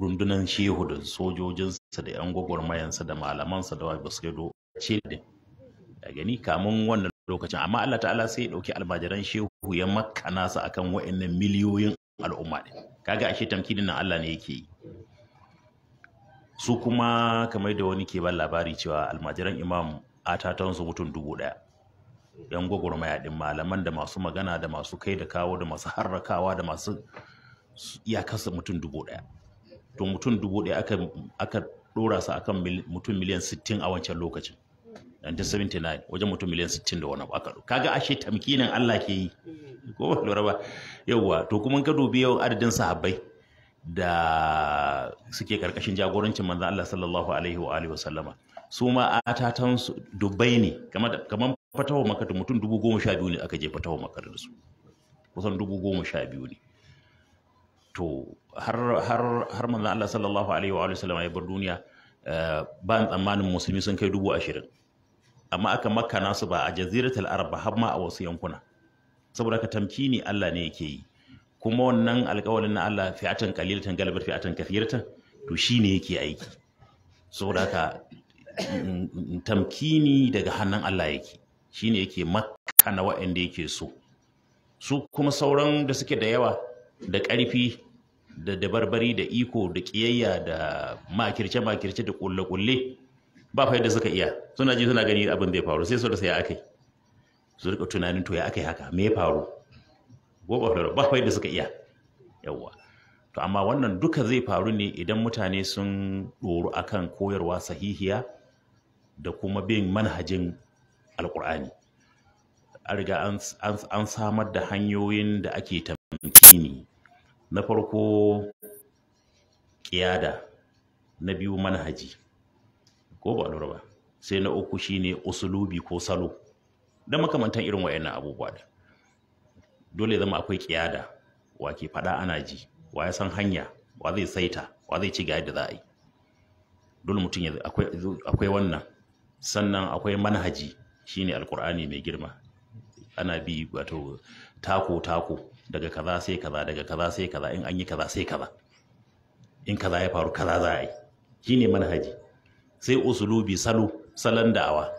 rundunan shehu da sojojinsa da 'yan gwagwarmayansa da malamansa da ba su do ce da gani kamun wannan lokacin amma Allah ta'ala sai ya ɗauki almajiran shehu ya makka nasa akan wa'annan miliyoyin al'umma ɗin kaga ashe tamkinin nan Allah ne yake yi su kuma kamar da wani ke ban labari cewa almajiran imam atatansu mutum dubu ɗaya yan gwagwarmaya ɗin malaman da masu magana da masu kai da kawo da masu harrakawa da masu iyakarsa mutum dubu ɗaya to mutum dubu ɗaya aka aka ɗora su akan mutum miliyan 60 a wancan lokacin 1979 wajen mutum miliyan 60 da wani aka kaga ashe tamkinin Allah ke yi ko ba lura ba yauwa to kuma ka dubi yau adadin sahabbai da suke karkashin jagorancin manzon Allah sallallahu alaihi wa alihi wa sallama su ma atatan su dubbai ne kamar fatawa fatawa da mutum dubu goma sha biyu ne aka je fatawa makar da su kusan dubu goma sha biyu ne to har har har manzon Allah sallallahu alaihi wa sallam ya bar duniya eh, ba tsammanin musulmi sun kai dubu ashirin amma aka makana su ba a jaziratul arab har ma a wasu yankuna saboda ka tamkini Allah ne yake yi kuma wannan alƙawarin na Allah fi'atan qalilatan galabar fi'atan kathiratan to shine yake aiki saboda ka tamkini daga hannun Allah yake shine yake makana wa'anda yake so su kuma sauran da suke da yawa da ƙarfi da dabarbari da iko da ƙiyayya da makirce-makirce da ƙulle-ƙulle ba fa yadda suka iya suna ji suna gani abin da ya faru sai su rasa ya akai su rika tunanin to ya akai haka me ya faru ba fa yadda suka iya yawwa to amma wannan duka zai faru ne idan mutane sun ɗoru akan koyarwa sahihiya da kuma bin manhajin alƙur'ani riga an samar da hanyoyin da ake tamkini na farko ƙiyada na biyu manhaji ko ba lura ba sai na uku shine usulubi ko salo da makamantan irin wayannan abubuwa da dole zama akwai ƙiyada wa ke faɗa ana ji wa ya san hanya wa zai saita wa zai ci ga yadda za a yi dole mutum ya akwai wannan sannan akwai manhaji shine alkur'ani mai girma ana bi wato tako tako daga kaza sai kaza daga kaza sai kaza in an yi kaza sai kaza in kaza ya faru kaza za a yi shine manhaji sai usulubi salo salon da'awa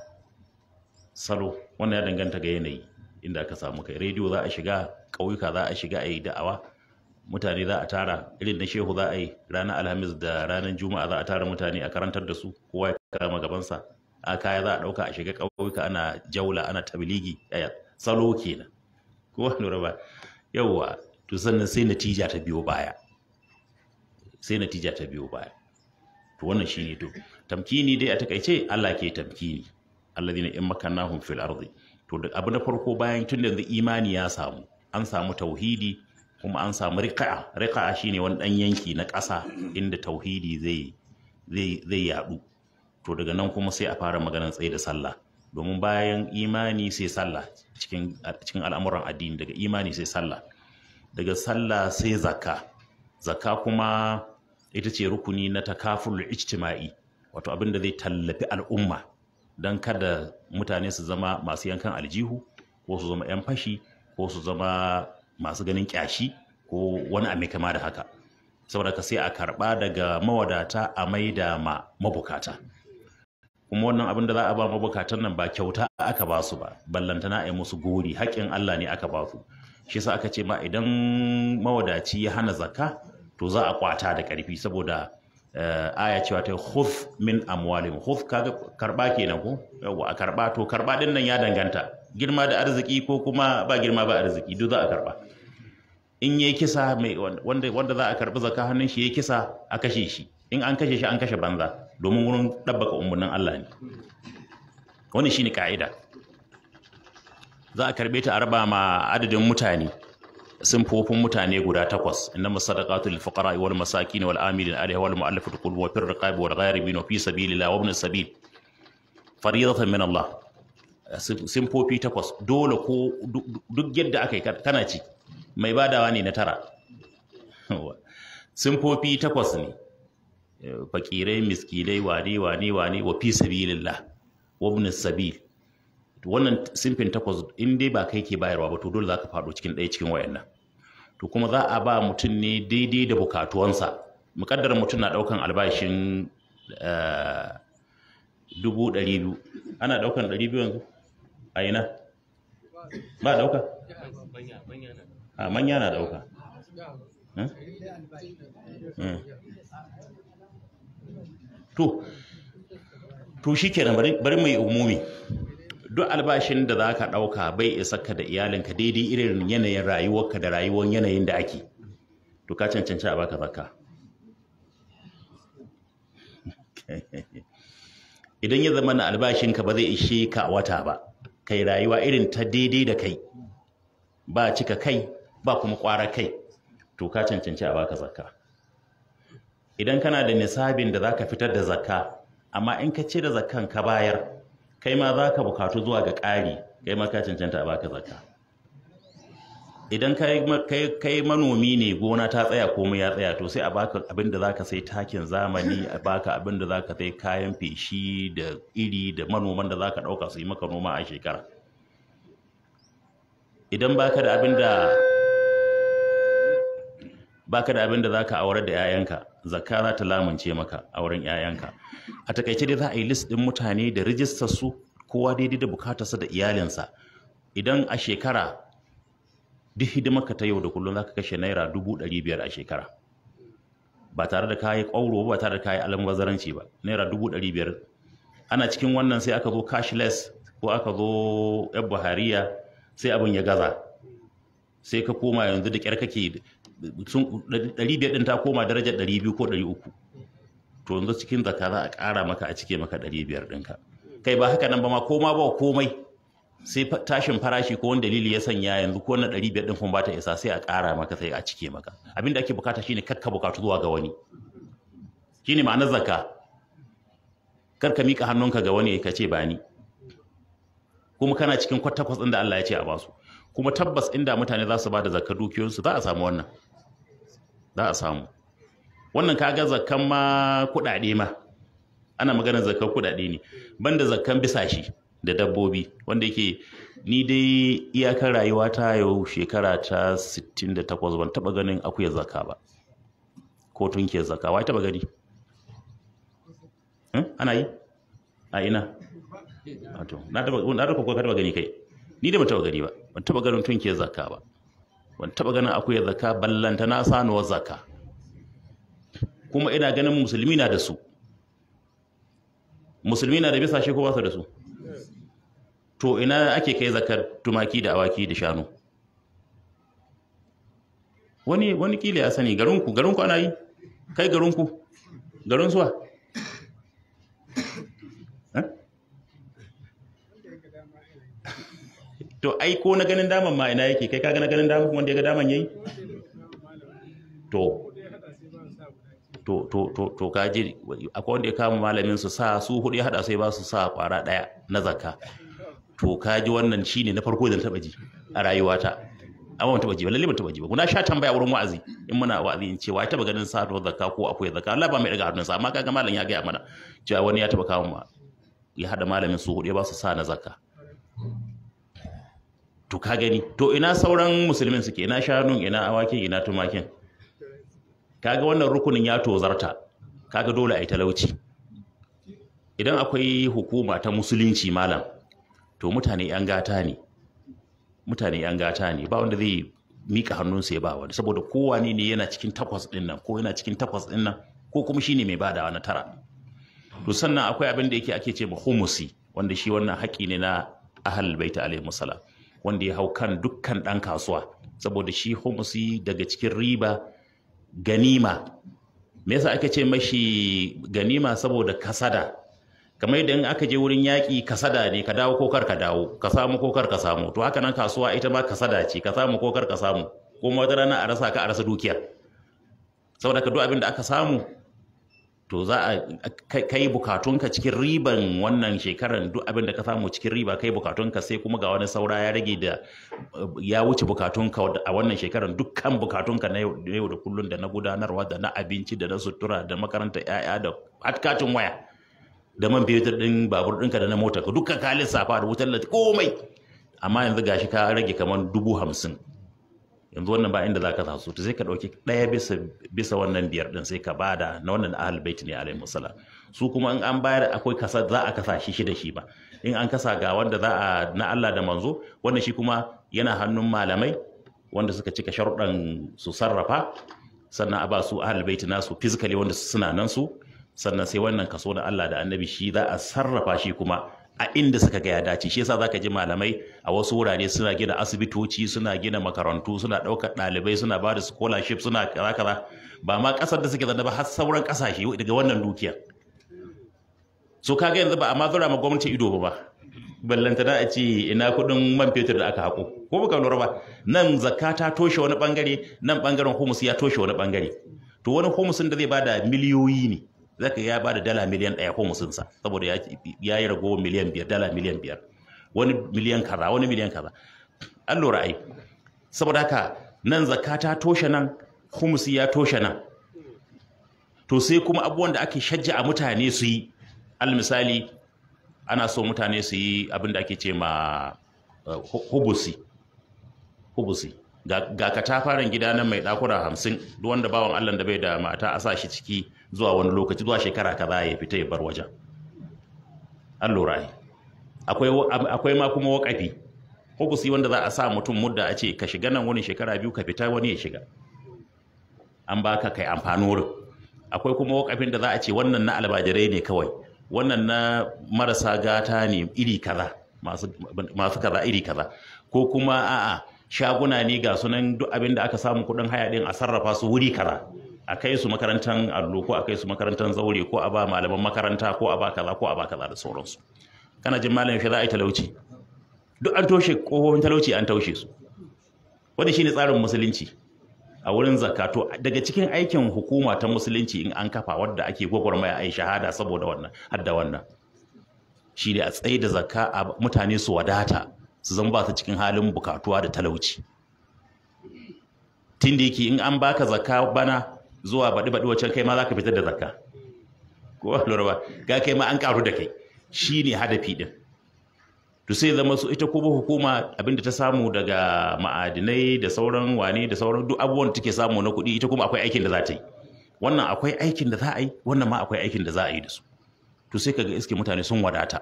salo wannan ya danganta ga yanayi inda ka samu kai rediyo za a shiga ƙauyuka za a shiga a yi da'awa mutane za a tara irin na shehu za a yi ranar alhamis da ranar juma'a za a tara mutane a karantar da su kowa ya kama gabansa a kaya za a ɗauka a shiga ƙauyuka ana jaula ana tabiligi salo kenan kowa lura ba yawwa to sannan sai natija ta biyo baya sai natija ta biyo baya to wannan shine to tamkini dai a takaice Allah ke tamkini alladhina in makannahum fil ardi to duk abu na farko bayan tun da imani ya samu an samu tauhidi kuma an samu riqa'a riqa'a shine wani dan yanki na ƙasa inda tauhidi zai zai zai yadu to daga nan kuma sai a fara maganar tsaye da sallah domin bayan imani sai sallah cikin al'amuran addini daga imani sai sallah daga sallah sai zakka zakka kuma ita ce rukuni na takaful ijtima'i wato abin da zai tallafi al'umma don kada mutane su zama masu yankan aljihu ko su zama 'yan fashi ko su zama masu ganin kyashi ko wani abu kama da haka saboda ka sai a karba daga mawadata a maida ma mabukata kuma wannan abin da za a ba mabukatan nan ba kyauta aka ba su ba ballantana a yi musu gori haƙƙin Allah ne aka ba su shi sa aka ce ma idan mawadaci ya hana zakka to za a kwata da ƙarfi saboda eh, aya cewa ta huf min amwalim huf kaga karba kenan ko yawa a karba to karba din nan ya danganta girma da arziki ko kuma ba girma ba arziki duk za a karba in yayi kisa mai wanda wanda za a karbi zakka hannun shi yayi kisa a kashe shi in an kashe shi an kashe banza domin wurin ɗabbaka umarnin Allah ne Wani shi ne ka'ida za a karɓe ta a raba ma adadin mutane fofin mutane guda takwas inna masadaqatu lil fuqara wal masakin wal amilin alaiha wal mu'allafati qulub wa fir riqab wal bino fi sabilillah wa ibn sabil fariyatan min Allah fofi takwas dole ko duk yadda aka yi kana ci mai badawa ne na tara fofi takwas ne fakirai miskilai, wane wane wane wa fi sabilillah wa ibn sabil wannan simfin takwas in dai ba kai ke bayarwa ba to dole zaka fado cikin ɗaya cikin wayannan to kuma za a ba mutum ne daidai da bukatuwansa mukaddar mutum na ɗaukan albashin eh, dubu ɗari biyu ana ɗaukan ɗari biyu yanzu a ina ba ɗauka? a manya na ɗauka? Eh? Eh. to to shikenan bari bari mai umumi duk albashin da za ka ɗauka bai isa ka da iyalinka daidai irin yanayin rayuwarka da rayuwar yanayin da ake to ka cancanci a baka baka idan ya zama na albashinka ba zai ishe ka a wata ba kai rayuwa irin ta daidai da kai ba cika kai ba kuma ƙwara kai to ka cancanci a baka zakka idan kana da nisabin da zaka fitar da zakka amma in ka ce da zakkan ka bayar kai ma zaka bukatu zuwa ga ƙari kai ma ka cancanta a baka zakka idan kai manomi ne gona ta tsaya komai ya tsaya to sai a baka abin da zaka sai takin zamani a baka abin da zaka sai kayan feshi da iri da manoman da zaka ɗauka su yi maka noma a shekara idan baka da abin da baka da abin aurar da 'ya'yanka zakka za ta lamunce maka a wurin 'ya'yanka a takaice dai za a yi list ɗin mutane da rijistar su kowa daidai da bukatarsa da iyalinsa idan a shekara duk hidimarka ta yau da kullum za ka kashe naira dubu ɗari biyar a shekara ba tare da kayi ƙwauro ba tare da kayi almubazaranci ba naira dubu ɗari biyar ana cikin wannan sai aka zo cashless ko aka zo yan buhariya sai abin ya gaza sai ka koma yanzu da ƙyar kake ɗari biyar ɗin ta koma darajar ɗari biyu ko ɗari uku to yanzu cikin zaka za a ƙara maka a cike maka ɗari biyar ɗinka kai ba haka nan ba ma koma ba komai sai tashin farashi ko wani dalili ya sanya yanzu ko na ɗari biyar ɗin kuma ba ta isa sai a ƙara maka sai a cike maka abin da ake bukata shine kakka bukatu zuwa ga wani shine ma'anar zaka kar ka miƙa hannunka ga wani ka ce ba ni kuma kana cikin kwatakwas ɗin da Allah ya ce a basu kuma tabbas inda mutane za su ba da zakar dukiyoyinsu za a samu wannan za a samu wannan kaga zakan ma kuɗaɗe ma ana maganar zakan kuɗaɗe ne banda zakan shi da dabbobi wanda yake ni dai iyakar rayuwa ta yau shekara ta 68 ban taɓa ganin akuya zaka ba ko ke zaka wai taɓa gani hmm, ana yi a ina na taɓa gani kai ni da ban taɓa gani ba ban taɓa ganin tunkiyar zaka ba ban taɓa ganin akwai zaka ballanta na sanuwar zaka kuma ina ganin musulmi na da su musulmi na da bisa shi ko da su to ina ake kai zakar tumaki da awaki da shanu wani wani kila ya sani garinku garinku ana yi kai garinku garin suwa to ai ko na ganin daman ma ina yake kai ka na ganin daman wanda ya ga daman yayi to to to to to kaji akwai wanda ya kama malamin su sa su hudu ya hada sai ba su sa kwara daya na zakka to kaji wannan shine na farko da taba ji a rayuwata amma ban taba ji ba lalle ban taba ji ba guna sha tambaya wurin wa'azi in muna wa'azi in ce ya taba ganin sa to zakka ko akwai zakka Allah ba mai daga hannunsa amma kaga malam ya ga mana cewa wani ya taba kama ya hada malamin su hudu ya ba su sa na zakka to ka gani to ina sauran musulmin suke ina shanun ina awakin ina tumakin kaga wannan rukunin ya tozarta kaga dole a yi talauci idan akwai hukuma ta musulunci malam to mutane yan gata ne mutane yan gata ne ba wanda zai mika hannun ya ba wani saboda kowa ne yana cikin takwas din nan ko yana cikin takwas din ko kuma shine mai badawa na tara to sannan akwai abin da yake ake ce ma humusi wanda shi wannan haƙi ne na ahlul baita alaihi salam wanda ya hau kan dukkan ɗan kasuwa saboda shi humusi daga cikin riba ganima me yasa aka ce mashi ganima saboda kasada kamar idan in aka je wurin yaƙi kasada ne ka dawo ko kar ka dawo ka samu ko kar ka samu to haka nan kasuwa ita ma kasada ce ka samu ko kar ka samu kuma wata rana a rasa ka a rasa dukiya saboda ka duk abin da aka samu to za a kai bukatunka cikin riban wannan shekarar duk abin da ka samu cikin riba kai bukatunka sai kuma ga wani saura ya rage da ya wuce bukatunka a wannan shekarar dukkan bukatunka na yau da kullun da na gudanarwa da na abinci da na sutura da makaranta yaya da hatkacin waya da man fetur din babur ɗinka da na motar ka dukkan ka lissafa da wutar lati komai amma yanzu gashi ka rage kamar dubu hamsin yanzu wannan ba inda za ka su to sai ka ɗauki ɗaya bisa wannan biyar ɗin, sai ka ba da na wannan ahal bait ne alaihi musala su kuma in an bayar akwai kasa za a kasa shi shida shi ba in an kasa ga wanda za a na Allah da manzo wanda shi kuma yana hannun malamai wanda suka cika sharuɗan su sarrafa sannan a ba su ahal bait nasu fizikali, wanda suna nan su sannan sai wannan kaso na Allah da annabi shi za a sarrafa shi kuma a inda suka ga ya dace shi yasa zaka ji malamai a wasu wurare suna gina asibitoci suna gina makarantu suna ɗaukar ɗalibai suna ba da scholarship suna kaza kaza ba ma ƙasar da suke zanna ba har sauran ƙasashe daga wannan dukiya so kaga yanzu ba a ma zura ma gwamnati ido ba ballantana a ce ina kuɗin man fetur da aka haƙo ko baka lura ba nan zakka ta toshe wani bangare nan bangaren humus ya toshe wani bangare to wani humusin da zai bada miliyoyi ne zaka ya bada dala miliyan ɗaya ko musunsa saboda ya yi ragowar miliyan biyar dala miliyan biyar wani miliyan kaza wani miliyan kaza an lura ai saboda haka nan zakka ta toshe nan humusi ya toshe nan to sai kuma abubuwan da ake shajja a mutane su yi al misali ana so mutane su yi abin da ake ce ma eh, hubusi hubusi ga katafaren gida nan mai ɗakuna hamsin duk wanda bawan allah da bai da mata a sa shi ciki zuwa wani lokaci zuwa shekara kaza ya fita ya bar wajen an lura akwai akwai ma kuma wakafi ku wanda za a sa mutum mudda a ce ka shiga nan wani shekara biyu ka fita wani ya shiga an baka kai amfani wurin akwai kuma wakafin da za a ce wannan na albajirai ne kawai wannan na marasa gata ne iri kaza masu kaza iri kaza ko kuma a'a shaguna ne ga sunan duk abin da aka samu kuɗin haya din a sarrafa su wuri kaza a kai su makarantar allo ko a kai su makarantar zaure ko a ba malaman makaranta ko a ba kaza ko a ba kaza da sauransu kana jin malamin fi za a yi talauci duk an toshe ƙofofin talauci an taushe su wanda shine tsarin musulunci a wurin zakato daga cikin aikin hukuma ta musulunci in an kafa wadda ake gwagwarmaya a yi shahada saboda wannan hadda wannan shi ne a tsaye da zakka a mutane su wadata su zama ba su cikin halin bukatuwa da talauci tun da yake in an baka zakka bana zuwa baɗi baɗi wacce kai ma za ka fitar da zakka ko lura ba ga kai ma an karu da kai shi ne hadafi ɗin to sai zama su ita kuma hukuma abinda ta samu daga ma'adinai da sauran wane da sauran duk abubuwan da take samu na kuɗi ita kuma akwai aikin da za ta yi wannan akwai aikin da za a yi wannan ma akwai aikin da za a yi da su to sai kaga iske mutane sun wadata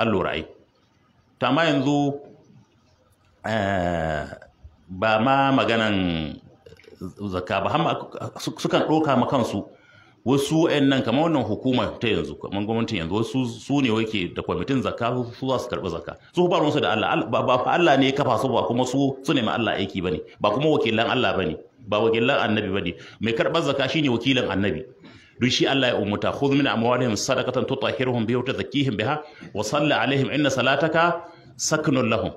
an lura ai ta ma yanzu eh, ba ma maganan zakka ba hamma sukan ɗauka ma kansu wasu nan kamar wannan hukumar ta yanzu kamar gwamnatin yanzu wasu su ne wake da kwamitin zakka su za su karɓi zakka su ba ruwansu da Allah ba fa Allah ne ya kafa su ba kuma su su ne ma Allah aiki bane ba kuma wakilan Allah bane ba wakilan annabi bane mai karɓar zakka shine wakilan annabi duk shi Allah ya umuta khudh min amwalihim sadaqatan tutahhiruhum biha wa tuzakkihim biha wa salli alaihim inna salataka saknun lahum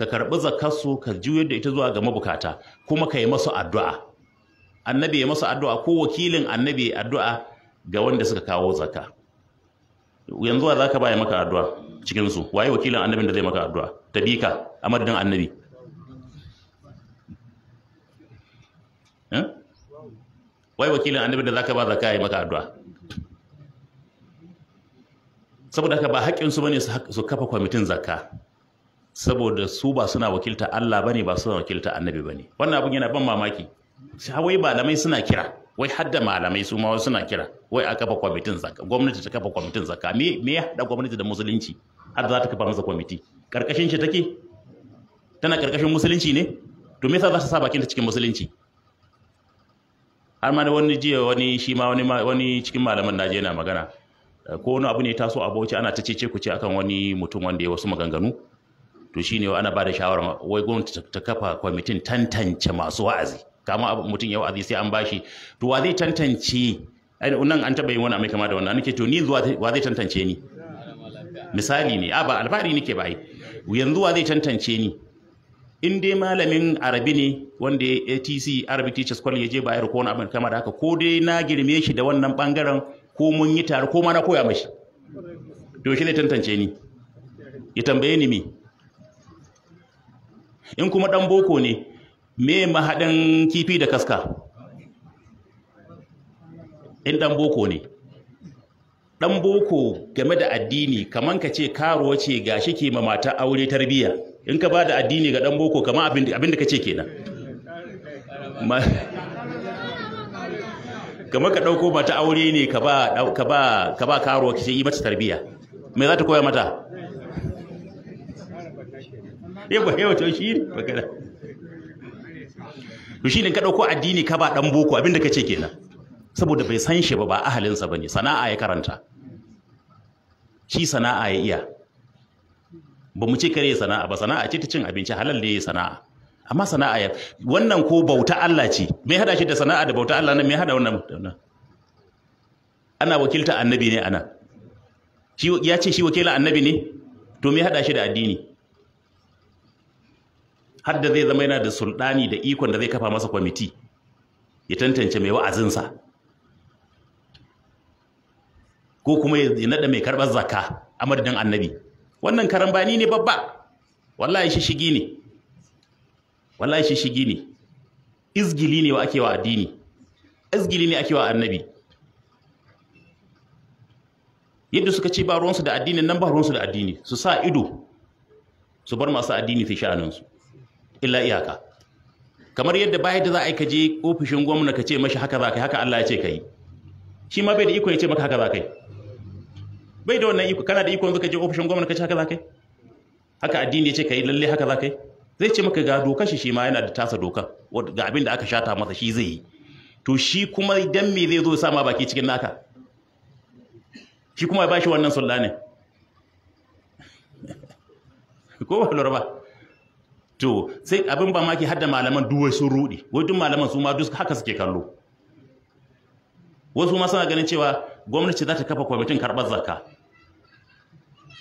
ka karɓi zakarsu ka juyar da ita zuwa ga mabukata kuma ka yi masu addu'a annabi ya masu addu'a ko wakilin annabi ya addu'a ga wanda suka kawo zaka yanzu za ka baya maka addu'a cikin su waye wakilin annabin da zai maka addu'a ta bi ka a madadin annabi eh? waye wakilin annabin da za ka ba zakka ya maka addu'a saboda haka ba haƙƙinsu bane su kafa kwamitin zakka saboda su ba suna wakilta Allah bane ba suna wakilta annabi bane wannan abun yana ban mamaki wai malamai suna kira wai hadda malamai su ma suna kira wai a kafa kwamitin zakka gwamnati ta kafa kwamitin zakka me me ya hada gwamnati da musulunci har za ta kafa masa kwamiti karkashin shi take tana karkashin musulunci ne to me yasa za ta sa bakin ta cikin musulunci har ma wani jiya wani shi ma wani wani cikin malaman naje yana magana ko wani abu ne taso a bauchi ana ta cece ku ce akan wani mutum wanda ya wasu maganganu to shine ana ba da shawara wai gwamnati ta kafa kwamitin tantance masu wa'azi kama mutum ya wa'azi sai an bashi to wa zai tantance nan an taɓa yin wani mai kama da wannan nake to ni wa zai tantance ni misali ne a ba alfahari nake ba yanzu wa zai tantance ni in dai malamin arabi ne wanda atc arabic teachers college ya je bayar ko wani abin kama da haka ko dai na girme shi da wannan bangaren ko mun yi tare ko ma na koya mashi to shi ne tantance ni ya tambaye ni me in kuma ɗan boko ne me mahaɗin kifi da kaska in ɗan boko ne ɗan boko game da addini kaman ka ce karo ce ga shi ke ma mata aure tarbiyya in ka ba da addini ga ɗan boko kama abin da ka ce ke nan. kama ka ɗauko mata aure ne ka ba karuwa ka ce yi mata tarbiyya me za ta koya mata dai ba yawa to shi magana to shi ne ka dauko addini ka ba dan boko abinda kace kenan saboda bai san shi ba ba ahalinsa bane sana'a ya karanta shi sana'a ya iya ba mu ce kare sana'a ba sana'a ce ta cin abinci halal ne sana'a amma sana'a ya wannan ko bauta Allah ce me hada shi da sana'a da bauta Allah nan me hada wannan ana wakilta annabi ne ana shi ya ce shi wakila annabi ne to me hada shi da addini har da zai zama yana da sulɗani da ikon da zai kafa masa kwamiti ya tantance mai wa'azinsa ko kuma ya naɗa mai karɓar zaka a madadin annabi wannan karambani ne babba wallahi shi shigi ne wallahi shi shigi ne izgili ne wa ake wa addini izgili ne ake wa annabi yadda suka ce ba ruwansu da addini nan ba ruwansu da addini su sa ido su bar masu addini fi sha'aninsu illa iyaka kamar yadda ba da za a yi ka je ofishin gwamna ka ce mashi haka za ka yi haka Allah ya ce ka yi shi ma bai da iko ya ce maka haka za ka yi bai da wannan iko kana da iko yanzu ka je ofishin gwamna ka ce haka za ka yi haka addini ya ce ka yi lalle haka za ka yi zai ce maka ga dokar shi shi ma yana da tasa doka, ga abin da aka shata masa shi zai yi to shi kuma idan me zai zo sa ma baki cikin naka shi kuma ya bashi wannan sulla ne ko ba lura ba to sai abin ba maki hadda malaman duwai sun rudi wai duk malaman su ma duk haka suke kallo wasu ma suna ganin cewa gwamnati za ta kafa kwamitin karɓar zakka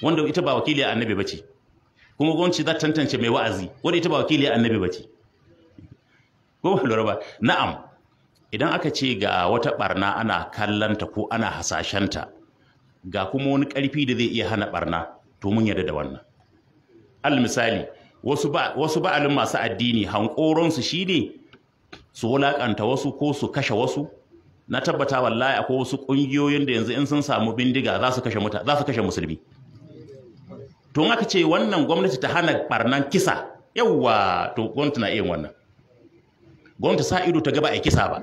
wanda ita ba wakili annabi bace kuma gwamnati za ta tantance mai wa'azi wanda ita ba wakili annabi bace ko ba lura ba na'am idan aka ce ga wata barna ana kallanta ko ana hasashenta ga kuma wani ƙarfi da zai iya hana barna to mun yarda da wannan al misali wasu ba'alin masu addini hankoronsu shi ne su wulaƙanta wasu ko su kashe wasu na tabbata wallahi akwai wasu ƙungiyoyin da yanzu in sun samu bindiga za su kashe musulmi to aka ce wannan gwamnati ta hana barnan kisa yawwa to gwamnati na iya wannan gwamnati sa ido ta gaba a kisa ba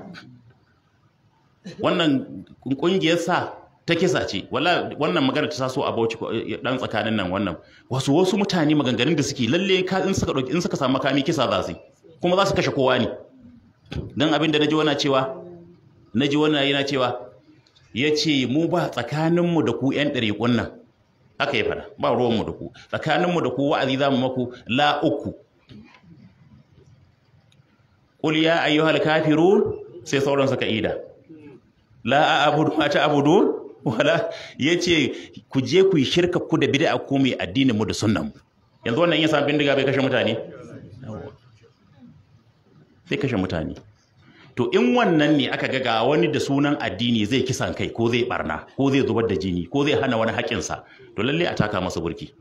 wannan ƙungiyar sa ta kisa ce wala wannan magana ta taso a Bauchi dan tsakanin nan wannan wasu wasu mutane maganganun da suke lalle in suka dauki in suka samu makami kisa za su kuma za su kashe kowa ne dan abin da naji wana cewa naji wannan yana cewa yace mu ba tsakanin mu da ku yan dare kunnan. aka yi fara ba ruwan mu da ku tsakanin mu da ku wa'azi za mu maku la uku qul ya ayyuhal kafirun sai sauran suka ida la a abudu ma ta abudu wala Ya ce ku je ku yi shirka ku da bid'a ku mai addinin mu da sunan mu yanzu wannan in ya diga bindiga bai kashe mutane sai kashe mutane to in wannan ne aka ga wani da sunan addini zai kisan kai ko zai barna ko zai zubar da jini ko zai hana wani haƙinsa to lalle a taka masa burki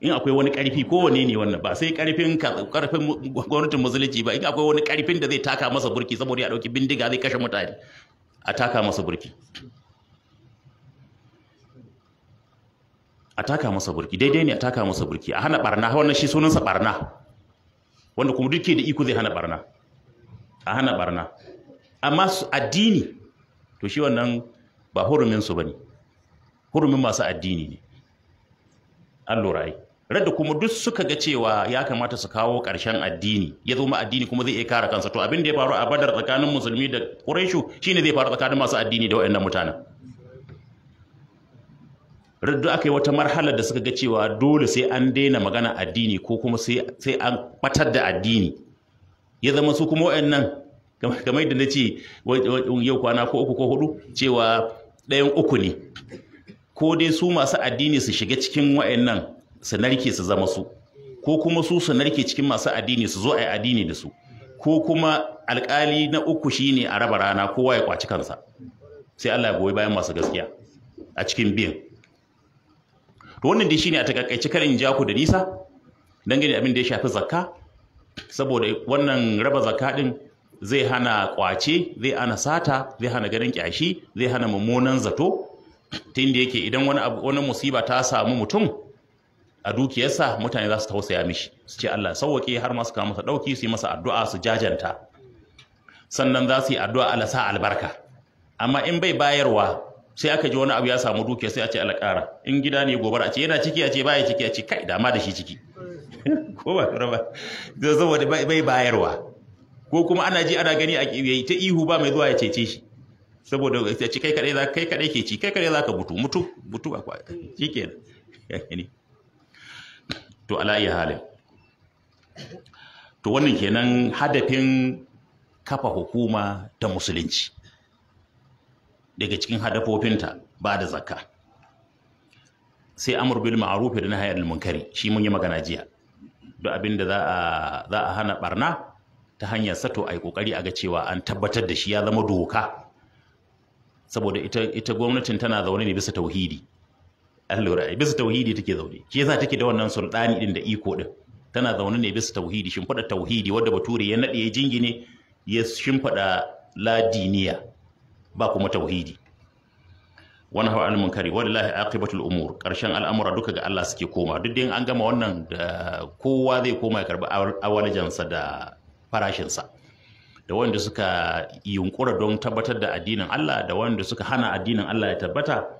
in akwai wani ƙarfi ko wane ne wannan ba sai ƙarfin ƙarfin gwamnatin musulunci ba in akwai wani ƙarfin da zai taka masa burki saboda ya dauki bindiga zai kashe mutane a taka masa burki a taka masa burki daidai ne a taka masa burki a hana barna wannan shi sunansa barna wanda kuma duke da iko zai hana barna a hana barna amma su addini to shi wannan ba hurumin su ne, hurumin masu addini ne an lura radda kuma duk suka ga cewa ya kamata su kawo ƙarshen addini ya zo addini kuma zai iya kare kansa to abin da ya faru a badar tsakanin musulmi da ƙuraishu ne zai faru tsakanin masu addini da waɗannan mutanen raddu aka yi wata marhalar da suka ga cewa dole sai an daina magana addini ko kuma sai an batar da addini ya zama su kuma waɗannan kamar yadda na ce yau kwana ko uku ko hudu cewa ɗayan uku ne ko dai su masu addini su shiga cikin waɗannan su narke su zama su ko kuma su su narke cikin masu addini su zo a yi addini da su ko kuma alkali na uku shine a raba rana kowa ya kwaci kansa sai Allah ya goyi bayan masu gaskiya a cikin biyan to wannan dai shine a takakkaice karin Jaku ja ku da nisa dangane abin da ya shafi zakka saboda wannan raba zakka din zai hana kwace zai hana sata zai hana ganin kyashi zai hana mummunan zato ta inda yake idan wani musiba ta samu mutum a dukiyarsa mutane za su tausaya mishi su ce Allah sauwaƙe har ma su kawo masa ɗauki su yi masa addu'a su jajanta sannan za su yi addu'a Allah sa albarka amma in bai bayarwa sai aka ji wani abu ya samu dukiya sai a ce Allah ƙara in gida ne gobara a ce yana ciki a ce baya ciki a ce kai dama da shi ciki ko ba raba da saboda bai bayarwa ko kuma ana ji ana gani a ta ihu ba mai zuwa ya cece shi saboda ya ce kai kadai za kai kadai ke ci kai kaɗai za ka mutu mutu mutu akwai shikenan to ala iya halin to wannan kenan hadafin kafa hukuma ta musulunci daga cikin hadafofinta ba da zakka sai amur bil ma'ruf da na anil munkari shi mun yi magana jiya duk abin da za a hana barna ta hanyar sato ai kokari a ga cewa an tabbatar da shi ya zama doka saboda ita gwamnatin tana zaune ne bisa tauhidi an lura ai bisa tauhidi take zaune shi yasa take da wannan sultani din da iko din tana zaune ne bisa tauhidi Shin fada tauhidi wanda bature ya nade ya jingine ya shin la ladiniya ba kuma tauhidi wani hawa almun kari wallahi aqibatul umur karshen al'amura duka ga Allah suke koma duk da an gama wannan da kowa zai koma ya awalajan sa da farashinsa da wanda suka yunkura don tabbatar da addinin Allah da wanda suka hana addinin Allah ya tabbata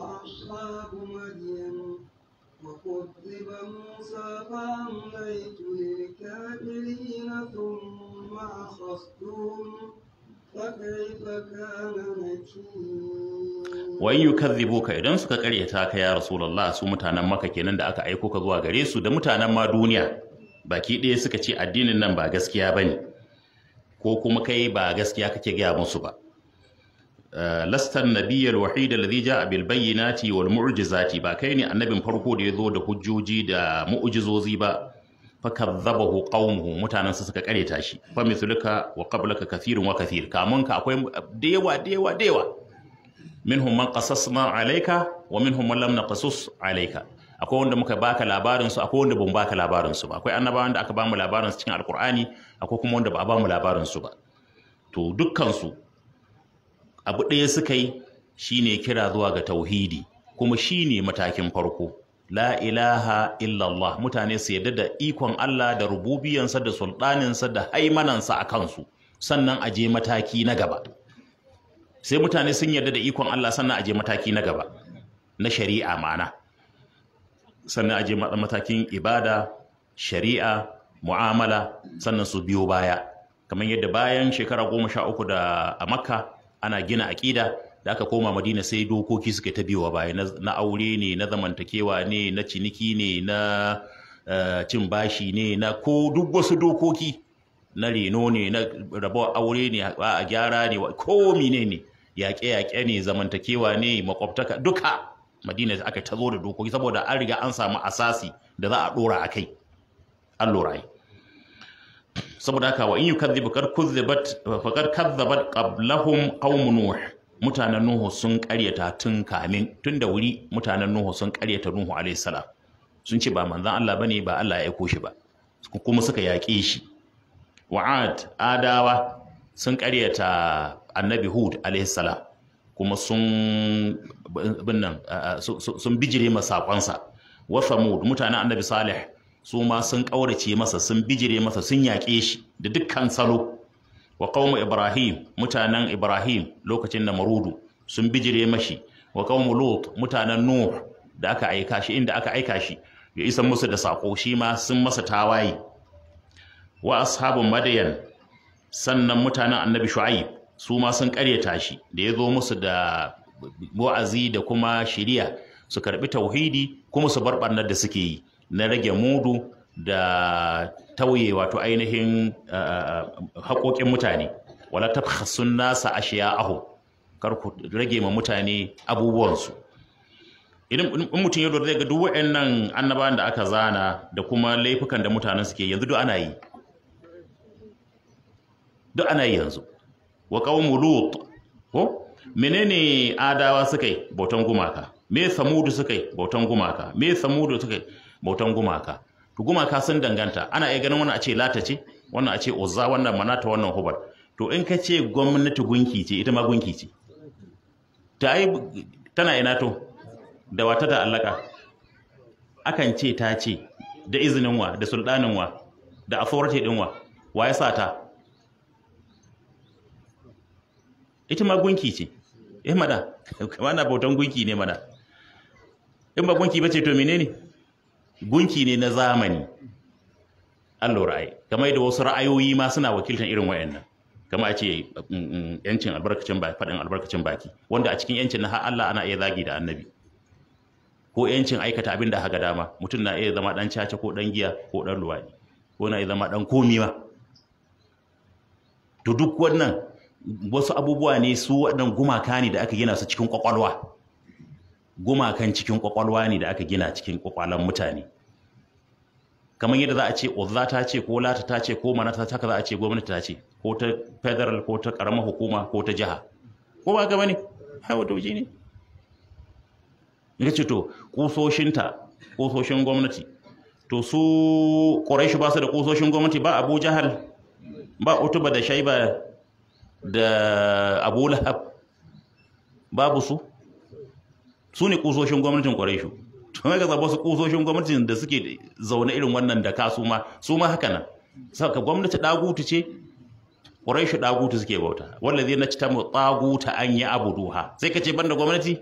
وأصحاب مدين وكذب موسى فأمليت للكافرين ثم أخذتهم فكيف كان نكير su mutanen maka kenan da aka aiko ka zuwa gare su da mutanen ma duniya baki ɗaya suka ce addinin nan ba gaskiya bane ko kuma kai ba gaskiya kake gaya musu ba Eh, lastan nabiyyal wahid alladhi a bil bayyinati wal mu'ujizati ba kai ne annabin farko da ya zo da hujjoji da mu'ujizozi ba fakazzabahu qaumuhu mutanen su suka kareta shi fa mithluka wa qablaka kafirin wa kafir. kamun ka akwai dewa dewa dewa minhum man qasasna alayka wa minhum man lam naqasus alayka akwai wanda muka baka labarin su akwai wanda bamu baka labarin ba akwai annabawan da aka bamu labarin su cikin alqur'ani akwai kuma wanda ba a bamu labarin ba to dukkan abu ɗaya suka yi shine kira zuwa ga tauhidi kuma shine matakin farko la ilaha illallah mutane su yarda da ikon Allah da rububiyansa da sultaninsa da haimanansa a kansu sannan a mataki na gaba sai mutane sun yarda da ikon Allah sannan a mataki na gaba na shari'a ma'ana sannan a matakin ibada shari'a mu'amala sannan su biyo baya kamar yadda bayan shekara goma sha uku da a makka ana gina aƙida da aka koma madina sai dokoki suka ta biyowa baya na aure ne na zamantakewa ne na ciniki ne na eh, cin bashi ne na ko duk wasu dokoki na reno ne na rabon aure ne a gyara ne ko mine ne yaƙe-yaƙe ne zamantakewa ne makwabtaka duka madina aka tazo da dokoki saboda an riga an samu asasi da za a ɗora a kai an lura saboda haka wa in yukadhibu kar kuzzibat faqad kadzabat qablahum qaum nuh mutanen nuhu sun karyata tun kamin tun da wuri mutanen nuhu sun karyata nuhu alaihi salam sun ce ba manzan Allah ne ba Allah ya aiko shi ba kuma suka yaƙe shi wa'ad adawa sun karyata annabi hud alaihi salam kuma sun binnan sun bijire masakonsa wa samud mutanen annabi salih su ma sun ƙaurace masa sun bijire masa sun yaƙe shi da dukkan salo wa qaumu ibrahim mutanen ibrahim lokacin da marudu sun bijire mashi wa qaumu lut mutanen nuh da aka aika shi inda aka aika shi ya isa musu da saƙo shi ma sun masa tawaye wa ashabu madayan sannan mutanen annabi shu'aib su ma sun ƙaryata shi da ya zo musu da wa'azi da kuma shiriya su karbi tauhidi kuma su barbarnar da suke yi na rage mudu da tauye wato ainihin haƙoƙin mutane wala ta sun nasa ashiya'ahu kar ku rage ma mutane abubuwansu idan mutum yadda zai ga duk waɗannan annabawan da aka zana da kuma laifukan da mutanen suke yanzu duk ana yi duk ana yi yanzu wa qaumu lut ko menene adawa suka yi bautan gumaka me samudu suka yi bautan gumaka me samudu suka yi bautan gumaka to gumaka sun danganta ana iya ganin wannan a ce lata ce wannan a ce uzza wannan manata wannan hubar to in ka ce gwamnati gunki ce ita ma gunki ce ta yi tana ina to da wata ta allaka akan ce ta ce da izinin wa da sultanin wa da authority din wa wa ya sa ta ita ma gunki ce eh mada kamar na bautan gunki ne mana in ba gunki ba ce to menene ne gunki ne na zamani an lura ai kamar yadda wasu ra'ayoyi ma suna wakiltar irin wayannan kama a ce mm, mm, yancin albarkacin baki faɗin albarkacin baki wanda a cikin yancin na har Allah ana iya zagi da annabi ko yancin aikata abin da haka dama mutum na iya zama dan caca ko dan giya ko dan luwaɗi, ko na iya zama dan komi ma to duk wannan wasu abubuwa ne su waɗannan gumaka ne da aka gina su cikin kwakwalwa gumakan cikin kwakwalwa ne da aka gina cikin kwakwalan mutane kamar yadda za a ce uzza ta ce ko lata ta ce ko mana ta za a ce gwamnati ta ce ko ta federal ko ta karamar hukuma ko ta jiha ko ba gaba ne hawa dauji ne ya ce to kusoshinta kusoshin gwamnati to su ƙuraishi ba su da kusoshin gwamnati ba abu jahal ba utuba da shaiba da abu lahab babu su su ne kusoshin gwamnatin ƙwarai tun ga zaba su kusoshin gwamnatin da suke zaune irin wannan da ka su ma su ma haka nan saka gwamnati ɗagutu ce ƙwarai ɗagutu suke bauta wanda zai na ci ta mu ɗaguta an yi abu duha sai ka ce ban da gwamnati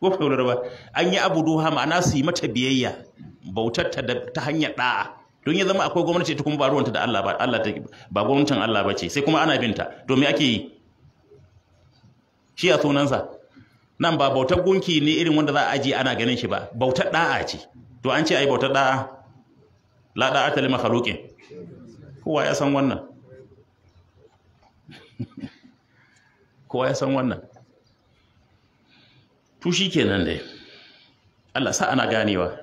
ko fahimtar ba an yi abu duha ma'ana su yi mata biyayya bautar ta ta hanyar ɗa'a don ya zama akwai gwamnati ita kuma ba ruwanta da Allah ba Allah ta ba gwamnatin Allah ba ce sai kuma ana binta to me ake yi shi a sunansa nan ba bautar gunki ne irin wanda za a aji ana ganin shi ba bautar da'a ce to an ce a yi bautar da'a la ta lima makhluqin kowa ya san wannan kowa ya san wannan ke nan dai Allah sa ana ganewa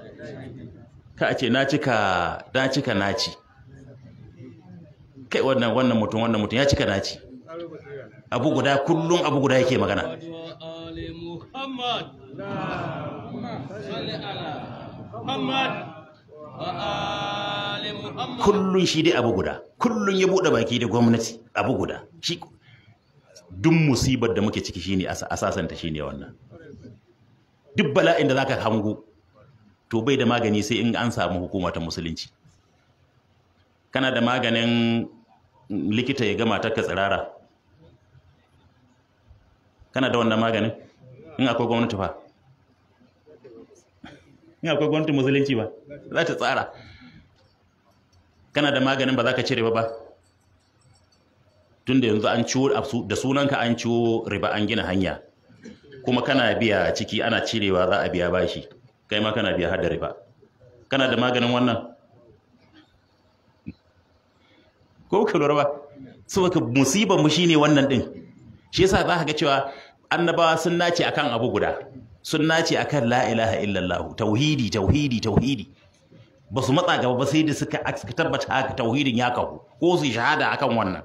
ka a ce na cika na naci kai wannan wannan mutum wannan mutum ya cika naci abu guda kullum abu guda yake magana kullum shi dai abu guda kullum ya buɗe baki da gwamnati abu guda shi duk musibar da muke ciki shine asasanta shine wannan duk bala'in da zaka hango to bai da magani sai in an samu hukuma ta musulunci kana da maganin likita ya gama ta tsirara kana da wannan maganin in akwai gwamnati fa in akwai gwamnati musulunci ba za ta tsara kana da maganin ba za ka cire ba ba tunda yanzu an ciwo da sunanka an ciwo riba an gina hanya kuma kana biya ciki ana cirewa za a biya bashi kai ma kana biya hada riba kana da maganin wannan ko ka lura ba saboda musibar mu shine wannan din shi yasa za ka ga cewa annabawa sun nace akan abu guda sun nace akan la ilaha illallah tauhidi tauhidi tauhidi ba su matsa gaba ba sai da suka tabbata haka tauhidin ya kahu ko su shahada akan wannan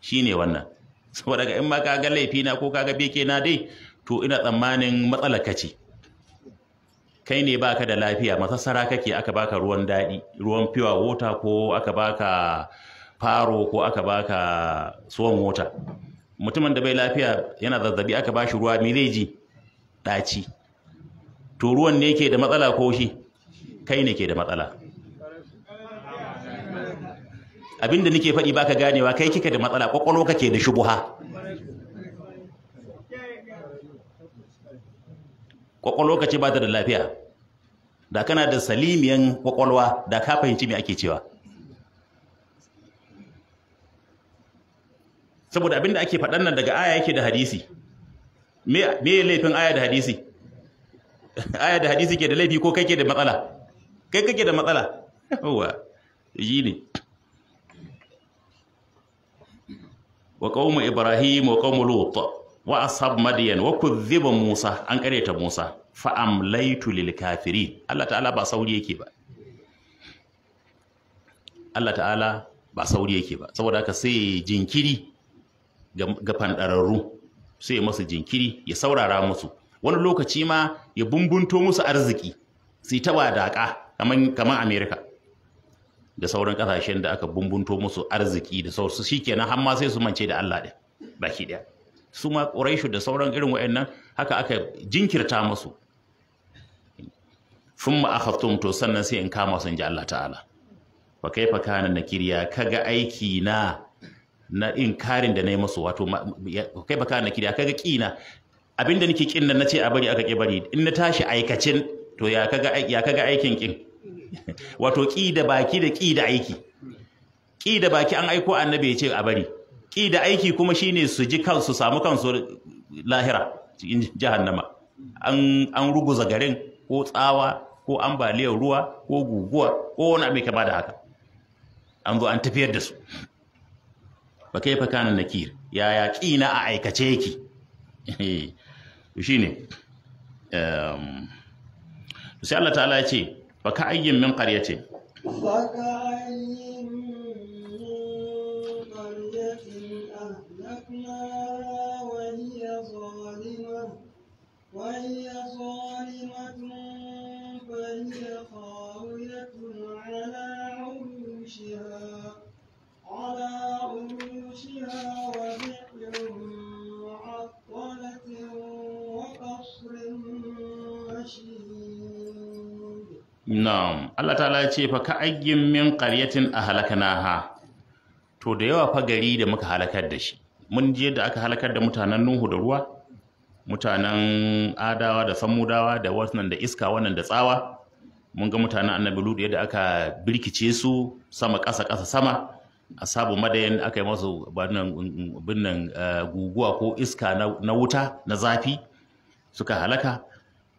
shine wannan saboda ga in ma ka ga laifi na ko kaga ga beke na dai to ina tsammanin matsalar kace kai ne baka da lafiya masassara kake aka baka ruwan daɗi ruwan fiwa wota ko aka baka faro ko aka baka tsohon wota mutumin da bai lafiya yana zazzabi aka bashi ruwa me zai ji ɗaci to ruwan ne ke da matsala ko shi kai ne ke da matsala abinda nake faɗi baka ganewa kai kika da matsala kwakwalwa kake da shubuha kwakwalwa kace ba ta da lafiya da kana da salimiyan kwakwalwa da ka fahimci me ake cewa saboda abinda ake faɗan nan daga aya yake da hadisi me me laifin aya da hadisi aya da hadisi ke da laifi ko kai ke da matsala kai kake da matsala yawa yi ne wa qaumu ibrahim wa qaumu lut wa ashab madyan wa kudhiba musa an kareta musa fa amlaitu lil kafirin Allah ta'ala ba sauri yake ba Allah ta'ala ba sauri yake ba saboda haka sai jinkiri ga fanɗararru sai ya masu jinkiri ya saurara musu wani lokaci ma ya bumbunto musu arziki sai ta daka kamar amerika da sauran ƙasashen da aka bumbunto musu arziki da sauransu shi kenan har ma sai su mance da allah ɗin baki ɗaya su ma ƙuraishu da sauran irin wa'annan haka aka jinkirta musu sun ma'akhattum to sannan sai in kama sun ji allah ta'ala fa kaifa kana nakiriya kaga aiki na na inkarin da na yi masu wato kai baka na kida kaga kina abinda nake kin nan nace a bari aka ke bari in na tashi aikacin to ya kaga ya aikin kin wato ki da baki da ki da aiki ki da baki an aiko annabi ya ce a bari ki da aiki kuma shine su ji kansu samu kansu lahira cikin jahannama an an ruguza garin ko tsawa ko ambaliyar ruwa ko guguwa ko wani abu kama da haka an zo an tafiyar da su fa kana nakir ya kina a aikace yake eh, shine um sai Allah ta'ala ya ce fa ka ayyin min qaryatin fa ka ayyin Na'am, Allah ta ce fa ka ayyin min qaryatin ahlaknaha. To da yawa fa gari da muka halakar da shi. Mun je da aka halakar da mutanen Nuhu da ruwa, mutanen Adawa da Samudawa da wannan da iska wannan da tsawa. Mun ga mutanen Annabi Lut yadda aka birkice su sama ƙasa ƙasa sama. Asabu madayan aka yi masu binnan eh, guguwa ko iska na wuta na zafi suka halaka.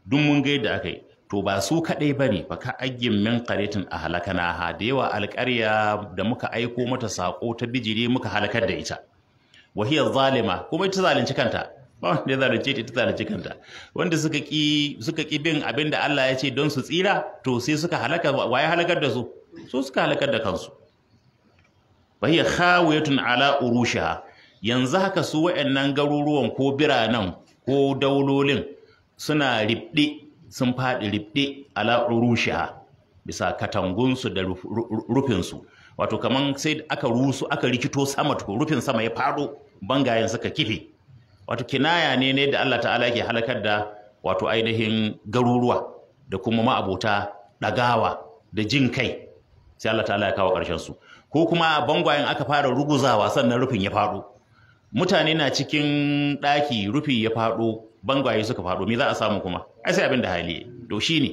Duk mun ga yadda aka yi. to ba su kaɗai ba ne ba ka agin min karetin a halakana ha da yawa alƙarya da muka aiko mata saƙo ta bijiri muka halakar da ita wahiyar zalima kuma ita zalunci kanta ba wanda ya zalunce ta ita zalunci kanta wanda suka ƙi suka bin abin da Allah ya ce don su tsira to sai suka halaka waye halakar da su su suka halakar da kansu wahiyar khawiyatun ala urushiha yanzu haka su waɗannan garuruwan ko biranen ko daulolin suna ribɗe sun faɗi rufe ala urushiha bisa katangunsu da rufinsu wato kamar sai aka rusu aka rikito sama to rufin sama ya faɗo bangayen suka kife wato kinaya ne ne da Allah ta'ala ke halakar da wato ainihin garuruwa da kuma ma'abota ɗagawa da jin kai sai Allah ta'ala ya kawo ƙarshen su ko kuma bangwayen aka fara ruguzawa sannan rufin ya faɗo mutane na cikin ɗaki rufi ya faɗo bangaye suka faɗo me za a samu kuma ai sai abin da hali to shi ne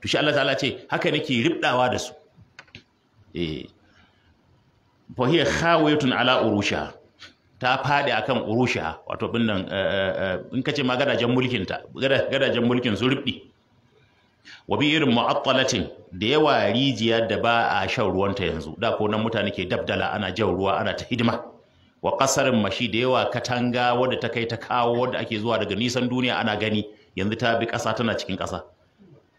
to shi Allah ta'ala ce haka nake ribdawa da su eh fa hiya khawiyatun ala urusha ta fadi akan urusha wato bin nan eh, eh, eh, in kace ma gadajen mulkin ta gadajen mulkin su ribdi wa bi irin mu'attalatin da yawa rijiya da ba a shan ruwanta yanzu da ko nan mutane ke dabdala ana jan ruwa ana ta hidima wa kasarin mashi da yawa katanga wadda ta kai ta kawo wadda ake zuwa daga nisan duniya ana gani yanzu ta bi ƙasa tana cikin ƙasa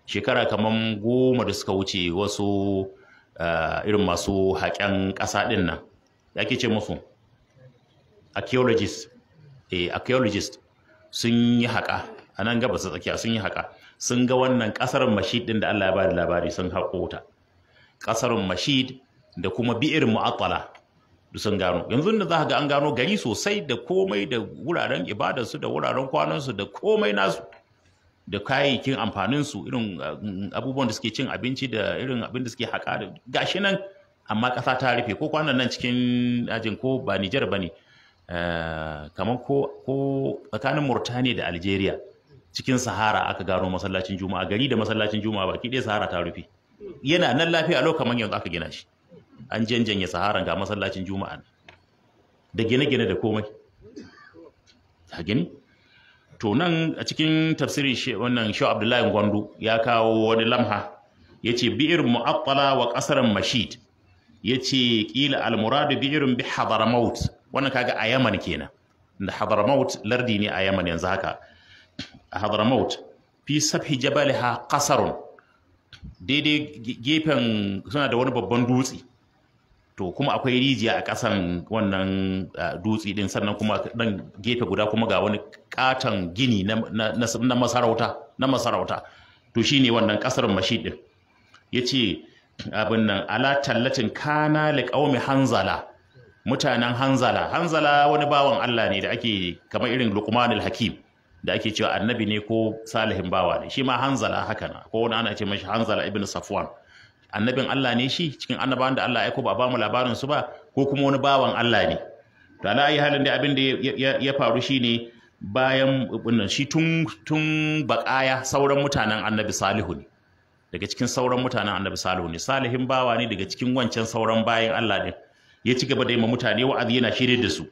shekara kamar goma da suka wuce wasu eh, irin masu haƙen ƙasa ɗin nan da ake ce musu archaeologist eh archaeologist sun yi haƙa a nan gabas tsakiya sun yi haƙa sun ga wannan ƙasar mashid ɗin da Allah ya labari sun haƙo ta ƙasar mashid da kuma bi'ir mu'attala da sun gano yanzu da za ga an gano gari sosai da komai da wuraren ibadarsu da wuraren kwanansu da komai nasu da kayayyakin amfaninsu irin uh, mm, abubuwan da suke cin abinci da irin abin da suke haƙa da gashi nan amma ƙasa ta rufe ko kwanan nan cikin ajin ko ba Nijar ba ne uh, kamar ko tsakanin Murtaniya da Algeria cikin Sahara aka gano masallacin Juma'a gari da masallacin Juma'a baki ɗaya Sahara ta rufe yana nan lafiya a lokacin yanzu aka gina shi an janjanye Sahara ga masallacin Juma'a da gine-gine da komai gini to nan a cikin tafsirin wannan Shehu Abdullahi Gwandu ya kawo wani lamha ya yace bi'ir mu'attala wa ƙasar mashid yace ƙila al almuradu bi'irin bi hadramaut wannan kaga a Yaman kenan da hadramaut lardi ne a Yaman yanzu haka hadramaut fi sabhi jabaliha qasarun daidai gefen suna da wani babban dutse to kuma akwai rijiya a ƙasan wannan dutse din sannan kuma dan gefe guda kuma ga wani katon gini na masarauta na masarauta to shine wannan ƙasar mashi din yace abin nan ala tallatin kana liqaumi hanzala mutanen hanzala hanzala wani bawan Allah ne da ake kamar irin luqmanul hakim da ake cewa annabi ne ko salihin bawa ne shi ma hanzala haka na ko wani ana ce mashi hanzala ibn safwan annabin Allah ne shi cikin annabawan da Allah ya aiko ba ba mu labarin su ba ko kuma wani bawan Allah ne to ala ayi halin da abin da ya faru shine bayan shi tun tun baƙaya sauran mutanen annabi salihu ne daga cikin sauran mutanen annabi salihu ne salihin bawa ne daga cikin wancan sauran bayan Allah ne ya ci gaba da yi mutane wa'azi yana shirye da su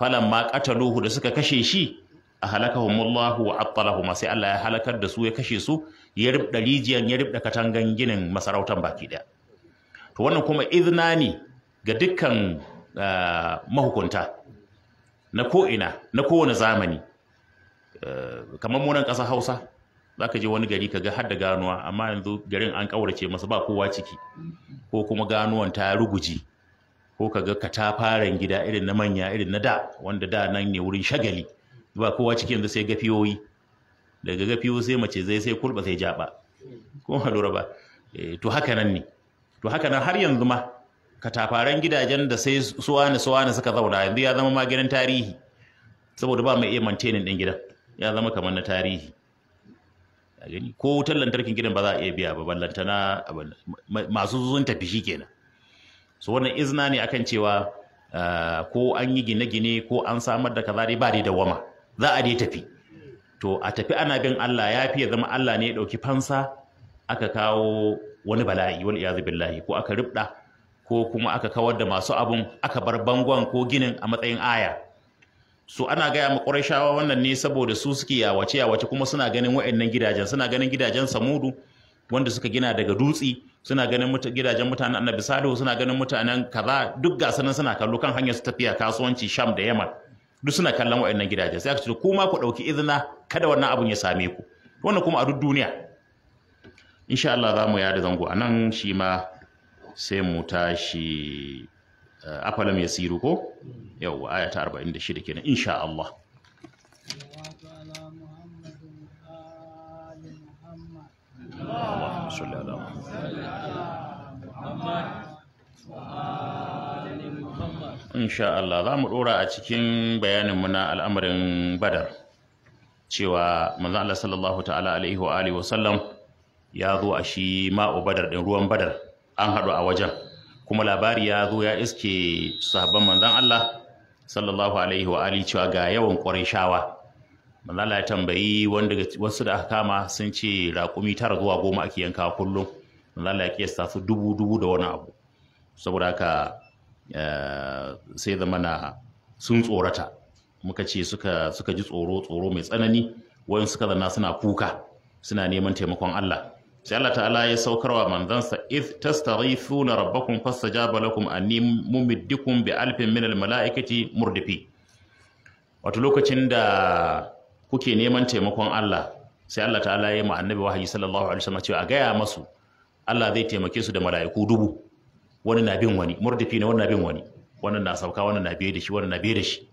falan ma qataluhu da suka kashe shi a halakahumullahu wa ma sai Allah ya halakar da su ya kashe su ya rubda rijiyan ya rubda katangan ginin masarautar baki daya to wannan kuma izna ne ga dukkan ah, mahukunta na ko'ina na kowane zamani eh, kamar munan ƙasa hausa za ka je wani gari ka ga har da ganuwa amma yanzu garin an ƙaurace masa ba kowa ciki ko kuma ganuwan ta ruguji ko ka ga katafaren gida irin na manya irin na da wanda da nan ne wurin shagali ba kowa ciki yanzu sai gafiyoyi daga ga fiyo sai mace zai sai kulba sai jaba ko halura ba eh, to haka nan ne to haka nan har yanzu ma katafaren gidajen da sai suwana suwana suka zauna yanzu ya zama maganin tarihi saboda ba mai iya maintaining din gidan ya zama kamar na tarihi ko wutar lantarkin gidan ba za a iya biya ba lantana masu zuzun tafi shi kenan so wannan izina ne akan cewa eh, ko an yi gine-gine ko an samar da kaza dai ba dai dawama za a dai tafi to a tafi ana bin Allah ya fi ya zama Allah ne ya ɗauki fansa aka kawo wani bala'i wani iyazu billahi ko aka ribda ko kuma aka kawar da masu abun aka bar bangon ko ginin a matsayin aya so ana gaya ma shawa wannan ne saboda su suke yawace yawace kuma suna ganin wa'annan gidajen suna ganin gidajen samudu wanda suka gina daga dutse suna ganin gidajen mutanen annabi salo. suna ganin mutanen kaza duk gasanin suna kallo kan hanyar su tafiya kasuwanci sham da yaman duk suna kallon waɗannan gidaje sai aka ce kuma ku ɗauki izina kada wannan abun ya same ku wannan kuma a duk duniya insha Allah za mu yada zango a nan shi ma sai mu tashi eh, afalam yasiru ko yau aya ta 46 kenan insha Allah اللهم صل على محمد وعلى محمد وعلى insha Allah za mu ɗora a cikin bayaninmu na al'amarin badar cewa manzo Allah sallallahu ta'ala alaihi wa alihi wasallam ya zo a shi ma'u badar ɗin ruwan badar an haɗu a wajen kuma labari ya zo ya iske sahabban manzon Allah sallallahu alaihi wa alihi cewa ga yawan shawa. manzo Allah ya tambayi wanda wasu da aka kama sun ce raƙumi tara zuwa goma ake yanka kullum manzo Allah ya kiyasta su dubu dubu da wani abu saboda haka Eh, sai zamana mana sun tsorata muka ce suka ji tsoro tsoro mai tsanani wayan suka zana suna kuka suna neman taimakon Allah sai Allah ta'ala ya saukarwa manzansa if tastaghithuna rabbakum fastajaba lakum anni mumiddukum bi alfin min almalaikati murdifi wato lokacin da kuke neman taimakon Allah sai Allah ta'ala ya yi ma annabi wahayi sallallahu alaihi wasallam cewa a gaya masu Allah zai taimake su da mala'iku dubu wani na bin wani murdifi ne wani na bin wani wani na sauka wani na biye da shi wani na biye da shi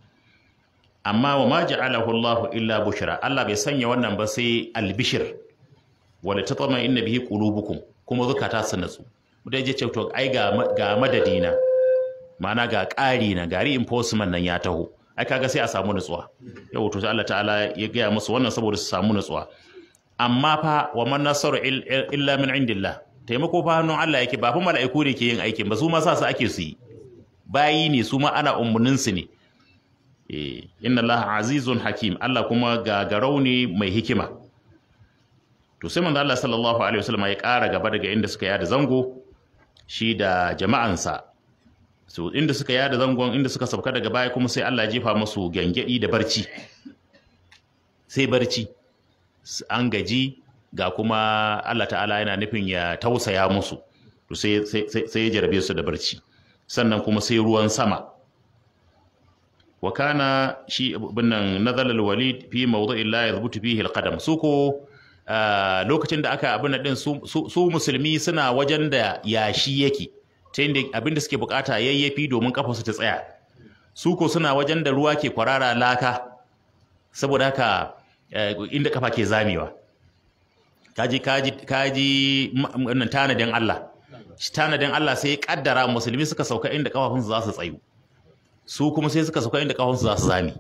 amma wa ma ja'alahu Allah illa bushra Allah bai sanya wannan ba sai albishir wala tatma inna bihi qulubukum kuma zukata su natsu mutai je ce to ai ga ga madadina mana ga ƙari na gari enforcement nan ya taho ai kaga sai a samu nutsuwa yau to Allah ta'ala ya gaya musu wannan saboda su samu nutsuwa amma fa wa man nasaru illa min indillah taimako fa hannun Allah yake ba fa mala'iku ne ke yin aikin ba su ma sa su ake su yi bayi ne su ma ana ummunin su ne eh inna Allah azizun hakim Allah kuma gagarau ne mai hikima to sai manzo Allah sallallahu alaihi wasallam ya ƙara gaba daga inda suka yada zango shi da jama'ansa so inda suka yada zangon inda suka sauka daga baya kuma sai Allah ya jefa musu gyangyadi da barci sai barci an gaji ga kuma Allah ta'ala yana nufin ya tausaya musu sai sai ya jarabe su da barci sannan kuma sai ruwan sama wa kana shi binnan nazalal walid fi mawdu'in la yathbutu fihi alqadam su ko lokacin da aka abin din su musulmi suna wajen da yashi yake ta yadda abin da suke bukata yayyafi domin kafa su ta tsaya su ko suna wajen da ruwa ke kwarara laka saboda haka eh, inda kafa ke zamewa kaji kaji kaji wannan tanadin Allah shi tanadin Allah sai ya kaddara musulmi suka sauka inda kafafunsu za su tsayu su kuma sai suka sauka inda kafafunsu za su zame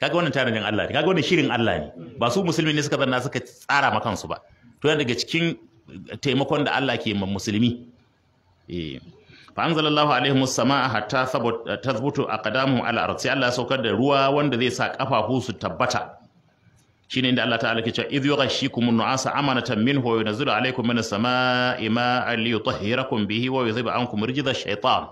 kaga wannan tanadin Allah ne kaga wannan shirin Allah ne ba su musulmi ne suka zanna suka tsara ma kansu ba to yana daga cikin taimakon da Allah ke ma musulmi eh fa anzalallahu alaihim as-samaa hatta thabutu aqdamuhum ala ard sai Allah ya da ruwa wanda zai sa kafafu su tabbata shine inda Allah ta'ala ke cewa idh yughashshikum an-nu'asa amanatan minhu wa yunzilu alaykum minas samaa'i ma'an liyutahhirakum bihi wa yudhiba ankum rijza shaytan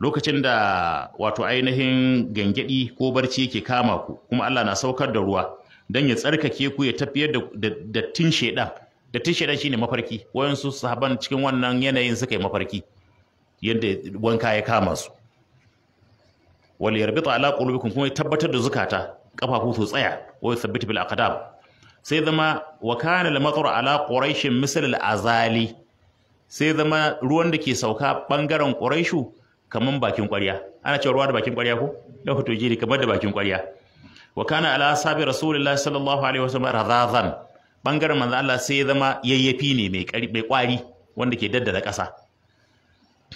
lokacin da wato ainihin gangadi ko barci yake kama ku kuma Allah na saukar da ruwa dan ya tsarkake ku ya tafiyar da dattin shedan dattin shedan shine mafarki wayan su sahaban cikin wannan yanayin suka yi mafarki yadda wanka ya kama su wal yarbita ala qulubikum kuma ya tabbatar da zukata kafafu su tsaya ko wa yuthabbitu bil aqdam sai zama wa kana al matar ala quraish misal al azali sai zama ruwan da ke sauka bangaren quraishu kaman bakin ƙwarya ana cewa ruwa da bakin ƙwarya ko da fito jiri kamar da bakin ƙwarya wa kana ala sabi rasulullahi sallallahu alaihi wasallam radhadan bangaren manzo Allah sai zama yayyafi ne mai ƙari mai ƙwari wanda ke daddala ƙasa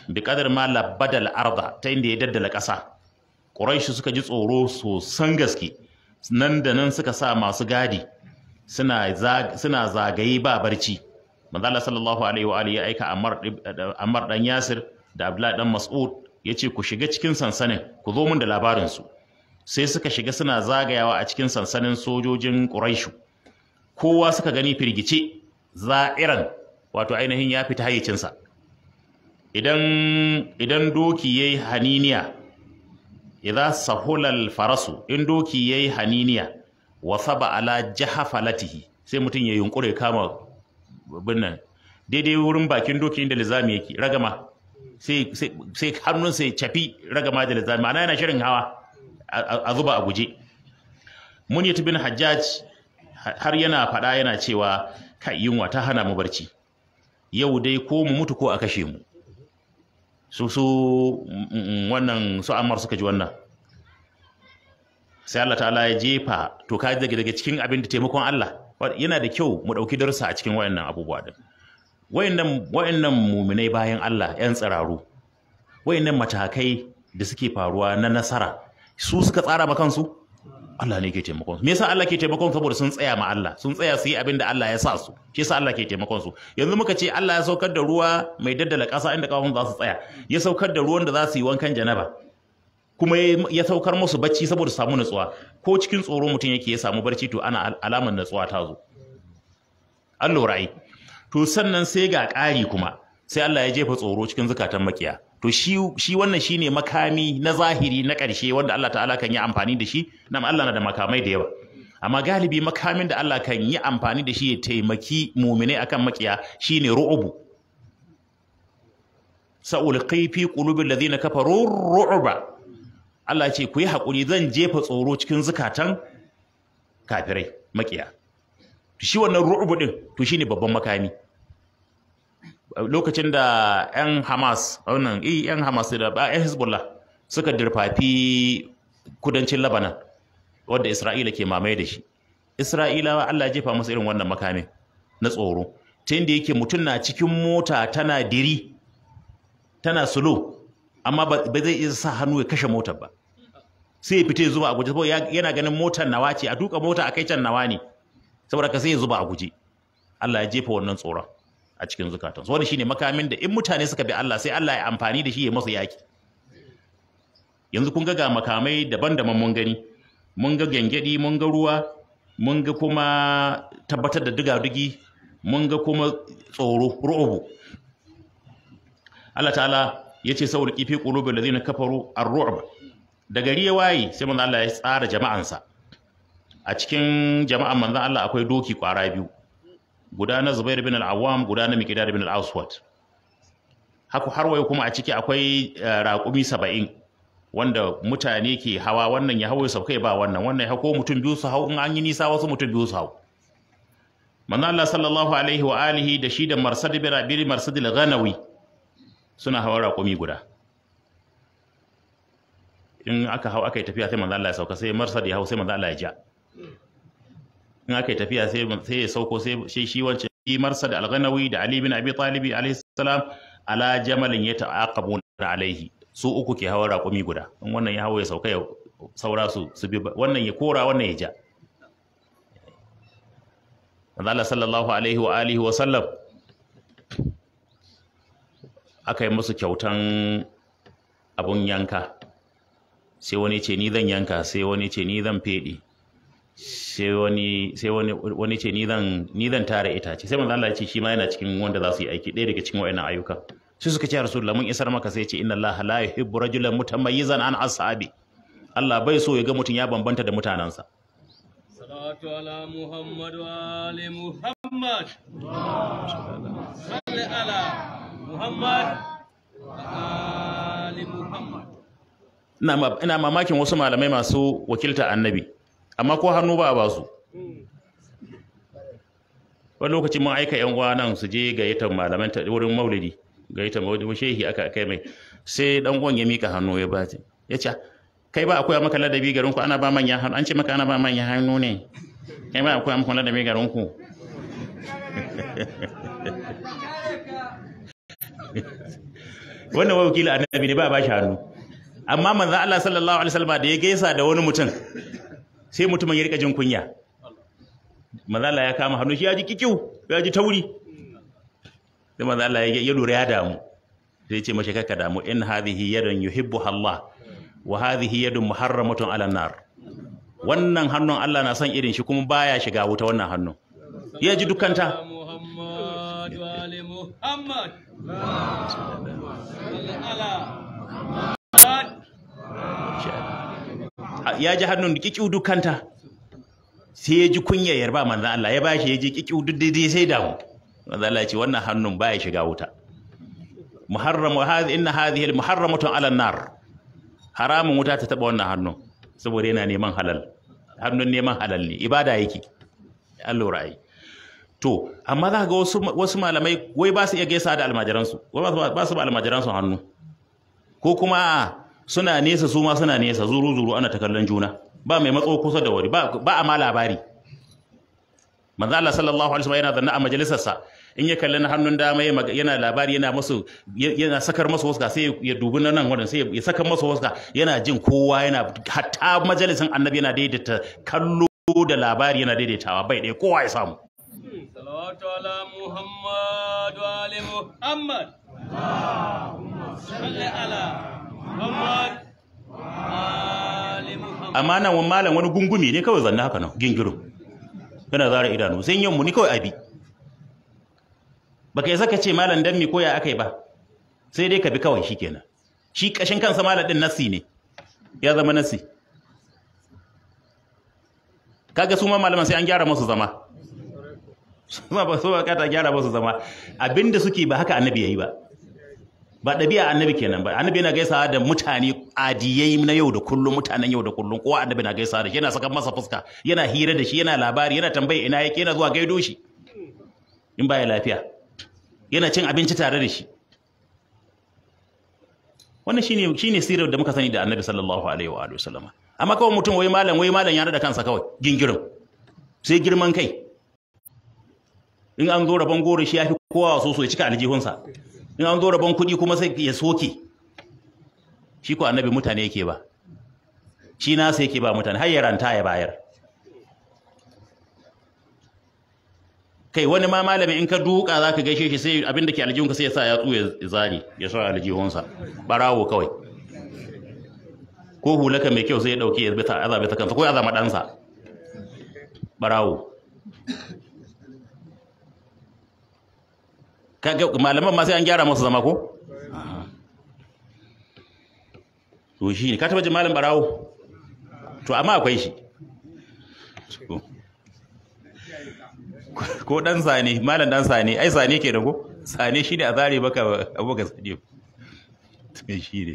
bi qadar ma labbadal arda ta inda ya daddala ƙasa quraishi suka ji tsoro sosan gaske nan da nan suka sa masu gadi suna zagaye ba barci manzala sallallahu alaihi wa alihi ya aika Amar dan Yasir da Abdullahi dan Mas'ud ya ce ku shiga cikin sansanin ku zo mun da labarinsu. sai suka shiga suna zagayawa a cikin sansanin sojojin ƙuraishu. kowa suka gani firgice za'iran wato ainihin ya fita hayyacinsa idan doki ya yi haniniya idza sahulal farasu in doki yayi haniniya wa saba ala jahafalatihi sai mutum ya yunkure kama binnan daidai wurin bakin doki inda lizami yake ragama sai sai hannun sai cafi ragama da lizami ana yana shirin hawa a zuba a guje Mun yi bin hajjaj har yana faɗa yana cewa kai yunwa ta hana mu barci yau dai ko mu mutu ko a kashe mu su su mm, mm, mm, wannan su Amar suka ji wannan sai Allah ta'ala ya jefa to ka daga daga cikin abin da taimakon Allah yana da kyau mu dauki darsa a cikin wayannan abubuwa din wayannan wayannan muminai bayan Allah yan tsararu wayannan matakai da suke faruwa na nasara su suka tsara ma kansu Allah ne ke taimakon su me yasa Allah ke taimakon saboda sun tsaya ma Allah sun tsaya su yi abin da Allah ya sa su shi yasa Allah ke taimakon su yanzu muka ce Allah ya saukar da ruwa mai daddala ƙasa inda kawun za su tsaya ya saukar da ruwan da za su yi wankan janaba kuma ya saukar musu bacci saboda su samu natsuwa ko cikin tsoro mutum yake ya samu barci to ana alamar natsuwa ta zo an lura to sannan sai ga ƙari kuma sai Allah ya jefa tsoro cikin zukatan makiya to shi shi wannan shine makami na zahiri na ƙarshe wanda Allah ta'ala kan yi amfani da shi nan Allah na da makamai da yawa amma galibi makamin da Allah kan yi amfani da shi ya taimaki muminai akan makiya shine ru'ubu sa'ul qaifi qulubi ladina kafaru ru'uba Allah ce ku yi haƙuri zan jefa tsoro cikin zukatan kafirai makiya shi wannan ru'ubu din to shine babban makami lokacin da 'yan hamas wannan 'yan hamas da hezbollah suka dirfafi kudancin labanan wadda isra'ila ke mamaye da shi isra'ilawa allah jefa musu irin wannan makamin na tsoro ta da yake mutum na cikin mota tana diri tana sulo amma ba zai iya sa hannu ya kashe mota ba sai ya fita ya zuba a guje yana ganin motar nawa ce a duka mota a kai can nawa ne saboda ka sai ya zuba a guje allah ya jefa wannan tsoron a cikin zukatansu wani shine makamin da in mutane suka bi Allah sai Allah ya amfani da shi ya masa yaki yanzu kun ga ga makamai daban-daban mun gani mun ga gyangyaɗi, mun ga ruwa mun ga kuma tabbatar da diga-digi mun ga kuma tsoro ru'ubu Allah ta'ala ya ce saboda kifi da zina kafaru ar-ru'b da gari ya waye sai manzo Allah ya tsara jama'ansa a cikin jama'an manzo Allah akwai doki kwara biyu guda na Zubairu bin al-Awwam guda na Miqdad bin al haku haka har wayo kuma a ciki akwai eh, raƙumi saba'in wanda mutane ke hawa wannan ya hawo kai ba wannan wannan ya hako mutum biyu su hau in an yi nisa wasu mutum biyu su hau manzo Allah sallallahu alaihi wa alihi da shi da Marsad bin Rabi' Marsad al-Ghanawi suna hawa raƙumi guda in aka hau aka yi tafiya sai manzo Allah ya sauka sai Marsad ya hau sai manzo Allah ya ja in aka yi tafiya sai ya sauko sai shi wancan imarsa da alganawi da ali bin abi talibi alaihi salam ala jamalin ya ta'aqabu alaihi su uku ke hawa raƙumi guda in wannan ya hawa ya sauka ya saura su su bi wannan ya kora wannan ya ja Allah sallallahu alaihi wa alihi wa sallam aka yi musu kyautan abun yanka sai wani ce ni zan yanka sai wani ce ni zan fedi sai wani sai wani wani ce ni zan ni zan ce, sai manzo Allah ya ce shi ma yana cikin wanda za su yi aiki ɗaya daga cikin wayannan ayyuka sai suka ce ya rasulullah mun isar maka sai ce inna Allah la yuhibbu rajulan mutamayyizan an ashabi Allah bai so ya ga mutum ya bambanta da mutanansa salatu ala muhammad wa ali muhammad salli ala muhammad wa ali muhammad ina mamakin wasu malamai masu wakilta annabi amma ko hannu ba a ba su wani lokaci mun aika yan uwa nan su je gayyatar malaman ta wurin maulidi gayyatar maulidi shehi aka kai mai sai dan uwan ya mika hannu ya ba ya ce kai ba akwai maka ladabi garin ku ana ba manya hannu an ce maka ana ba manya hannu ne kai ba akwai maka ladabi garin ku wannan wai wakili annabi ne ba ba shi hannu amma manzon Allah sallallahu alaihi wasallam da ya gaisa da wani mutum sai mutumin ya rika jin kunya mazala ya kama hannu shi ya ji kikiu ya ji tauri sai mazala ya lura ya damu sai ce mashi kakka damu in hadhihi yadun yuhibbuha Allah wa hadhihi yadun muharramatun ala nar wannan hannun Allah na son irin shi kuma baya shiga wuta wannan hannun ya ji dukanta Muhammad ya ji hannun da kikiu kanta sai ya ji kunya yarba manzan Allah ya bashi ya ji kikiu duk daidai sai damu manzan Allah ya ce wannan hannun baya shiga wuta Inna hadhi inna hadhihi muharramatun ala nar haramun wuta ta taba wannan hannun saboda yana neman halal hannun neman halal ne ibada yake Allah ra'ayi to amma za ga wasu wasu malamai wai ba su iya gaisa da almajiransu wai ba su ba almajiransu hannu ko kuma suna nesa su ma suna nesa zuru zuru ana ta kallon juna ba mai matso kusa da wuri ba a ma labari manzo Allah sallallahu alaihi wasallam yana zanna a majalisarsa in ya kalli na hannun dama yana labari yana musu yana sakar masa waska sai ya dubi nan wannan sai ya sakar masa waska yana jin kowa yana hatta majalisin annabi yana daidaita kallo da labari yana daidaitawa bai ɗaya kowa ya samu salawatu ala ali muhammad allahumma salli ala amma nan wani malam wani gungumi ne kawai zanna haka nan gingiro yana zara idanu sai yin ni kawai abi ka yi ka ce malam dan mi koya akai ba sai dai ka bi kawai shi kenan shi kashin kansa malam din nasi ne ya zama nasi kaga su ma malaman sai an gyara musu zama su ma ba su ba gyara musu zama abinda suke ba haka annabi yayi ba ba ɗabi'a annabi kenan ba annabi yana gaisawa da mutane adiyai na yau da kullum mutanen yau da kullum kowa annabi na gaisawa da shi yana saka masa fuska yana hira da shi yana labari yana tambaya ina yake yana zuwa gaido shi in baya lafiya yana cin abinci tare da shi wannan shine shine sirrin da muka sani da annabi sallallahu alaihi wa alihi wasallama amma kawai mutum wai malam wai malam ya da kansa kawai gingirin sai girman kai in an zo rabon gore shi ya fi kowa so so ya cika aljihunsa in an zo rabon kuɗi kuma sai ya soke shi ko annabi mutane yake ba shi na sai yake ba mutane har yaranta ya bayar kai wani ma malami in ka duka za ka gaishe shi sai abin da ke aljihunka sai ya sa ya ya zari ya sa aljihunsa barawo kawai ko hulaka mai kyau sai ya dauke ya bita ta kansa ko ya zama ɗansa barawo kaga malaman ma sai an gyara masu zama ko to shi ne ka taba jin malam barawo to amma akwai shi ko dan Sani, malam dan Sani, ai Sani ke da ko Sani shi ne a zare baka abuka sane to shi ne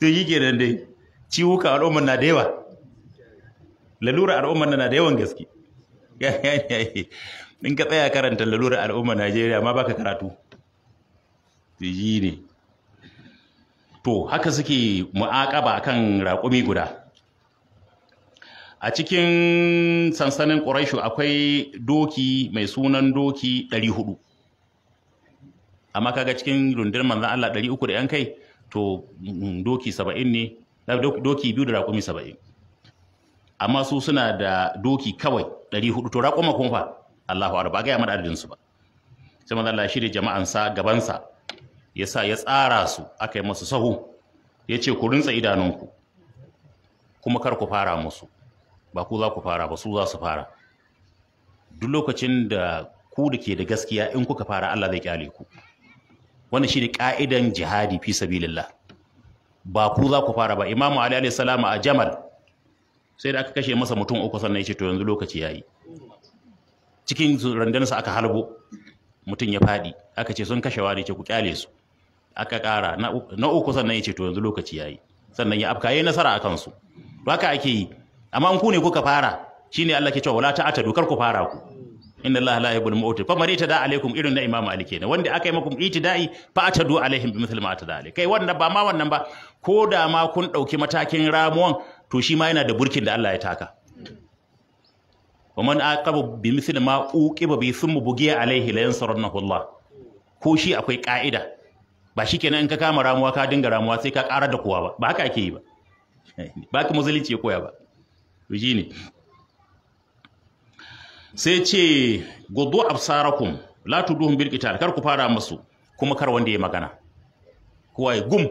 to yi ke dai ciwuka al'ummar na da yawa lalura al'ummar na da yawan gaske in ka tsaya karanta lalurar al'ummar najeriya ma baka karatu ji ne to haka suke mu'aƙaba kan raƙumi guda a cikin sansanin ƙuraishu akwai doki mai sunan doki 400 amma kaga cikin rundun manzan Allah 300 da yan kai to mm, doki 70 ne doki biyu da raƙumi 70 amma su suna da doki kawai 400 to raƙuma kuma fa Allahu akbar ba ga a adadin su ba sai manzo Allah shirye jama'ansa gabansa ya sa ya tsara su aka yi masu sahu Ya ce ku rintsa idanunku kuma kar ku fara musu ba ku za ku fara ba su za su fara duk lokacin da ku da ke da gaskiya in kuka fara Allah zai kyale ku wannan ne ka'idan jihadi fi sabilillah ba ku za ku fara ba imamu ali alayhi salamu a jamal sai da aka kashe masa mutum uku sannan ya ce to yanzu lokaci ya yi. cikin randansa aka halbo mutum ya faɗi aka ce sun kashe wani ce ku kyale su aka ƙara na uku sannan ya ce to yanzu lokaci ya yi sannan ya afka ya yi nasara a kansu to haka ake yi amma in ku ne kuka fara ne Allah ke cewa wala ta'ata dokar ku fara ku inna Allah la yuhibbul mu'tad fa marita da alaikum irin na imamu ali kenan wanda aka yi maku itida'i fa atadu alaihim bi mithli ma atada alai kai wannan ba ma wannan ba ko da ma kun dauki matakin ramuwan to shi ma yana da burkin da Allah ya taka wa man aqaba bi mithli ma uqiba bi thumma bugiya alaihi la yansurannahu Allah ko shi akwai ka'ida ba kenan in ka kama ramuwa ka dinga ramuwa sai ka ƙara da kowa ba ba haka ake yi ba ba ka musulunci ya koya ba to shine sai ce gudu absarakum la tuduhum bil qital kar ku fara musu kuma kar wanda ya magana kowa ya gum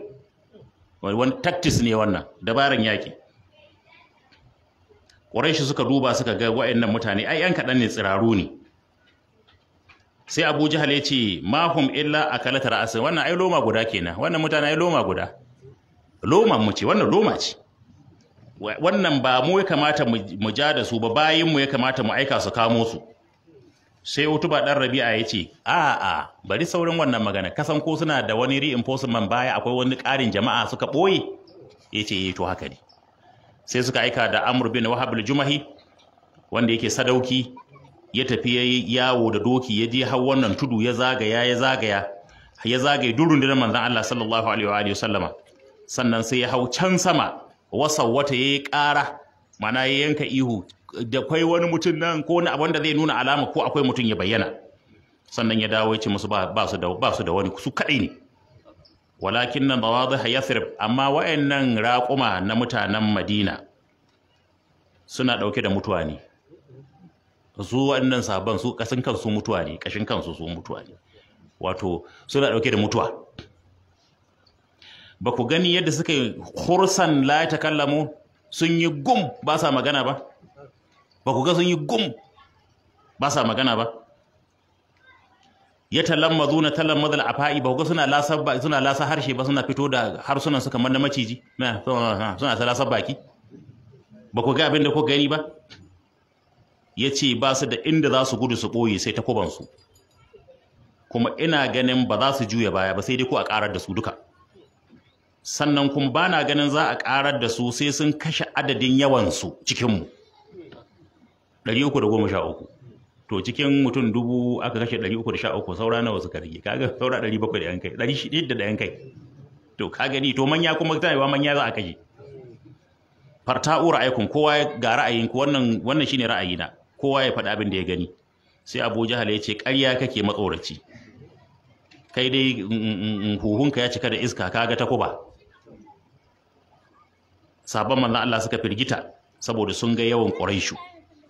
wani tactics ne wannan dabaran yaki Quraish suka duba suka ga wa'annan mutane ai yan kaɗan ne tsiraru ne sai Abu Jahal ya ce mahum illa akalat ra'asa wannan ai loma guda kenan wannan mutane ai loma guda loma mu ce wannan loma ce wannan ba mu ya kamata mu ja da su ba bayan mu ya kamata mu aika su kamo su sai utuba dan rabi'a ya ce a'a bari saurin wannan magana kasan ko suna da wani reinforcement baya akwai wani ƙarin jama'a suka ɓoye ya ce eh, to haka ne sai suka aika da amur bin wahab jumahi wanda yake sadauki ya tafi yayi yawo da doki ya je har wannan tudu ya zagaya ya zagaya ya zagaye durun da manzon Allah sallallahu alaihi wa sallama sannan sai ya hau can sama ya yi ƙara mana ya yanka ihu da kai wani mutum nan ko wani zai nuna alama ko akwai mutum ya bayyana sannan ya dawo ya ce musu ba su da wani su kaɗai ne walakin nan dawadih yathrib amma wayannan raƙuma na mutanen madina suna ɗauke da mutuwa ne su wannan sabon su kasin kansu mutuwa ne kashin kansu su mutuwa ne wato suna ɗauke da mutuwa ba ku gani yadda suka yi kursan la ta kallamu sun yi gum ba sa magana ba ba ku ga sun yi gum ba sa magana ba ya talammazu na talammazal afa'i ba ga suna kuma ba suna lasa harshe ba suna fito da harsunan su kamar na maciji suna ta lasa baki ba ku ga abin da ku gani ba ya ce ba su da inda za su gudu su ɓoye sai ta kubansu. kuma ina ganin ba za su juya baya ba sai dai ku a ƙarar da su duka sannan kuma ba na ganin za a ƙarar da su sai sun kashe adadin yawansu cikinmu 313 to cikin mutum dubu aka kashe ɗari uku da sha uku saura nawa suka rage kaga saura ɗari bakwai da yan kai ɗari shida da yan kai to ka gani to manya kuma ta manya za a kashe ura aikun kowa ga ra'ayin ku wannan wannan shine ra'ayina kowa ya faɗa abin da ya gani sai Abu Jahal ya ce ƙarya kake matsoraci kai dai mm, mm, mm, huhunka ya cika da iska kaga ta kuba sabon manzon Allah suka firgita saboda sun ga yawan Quraishu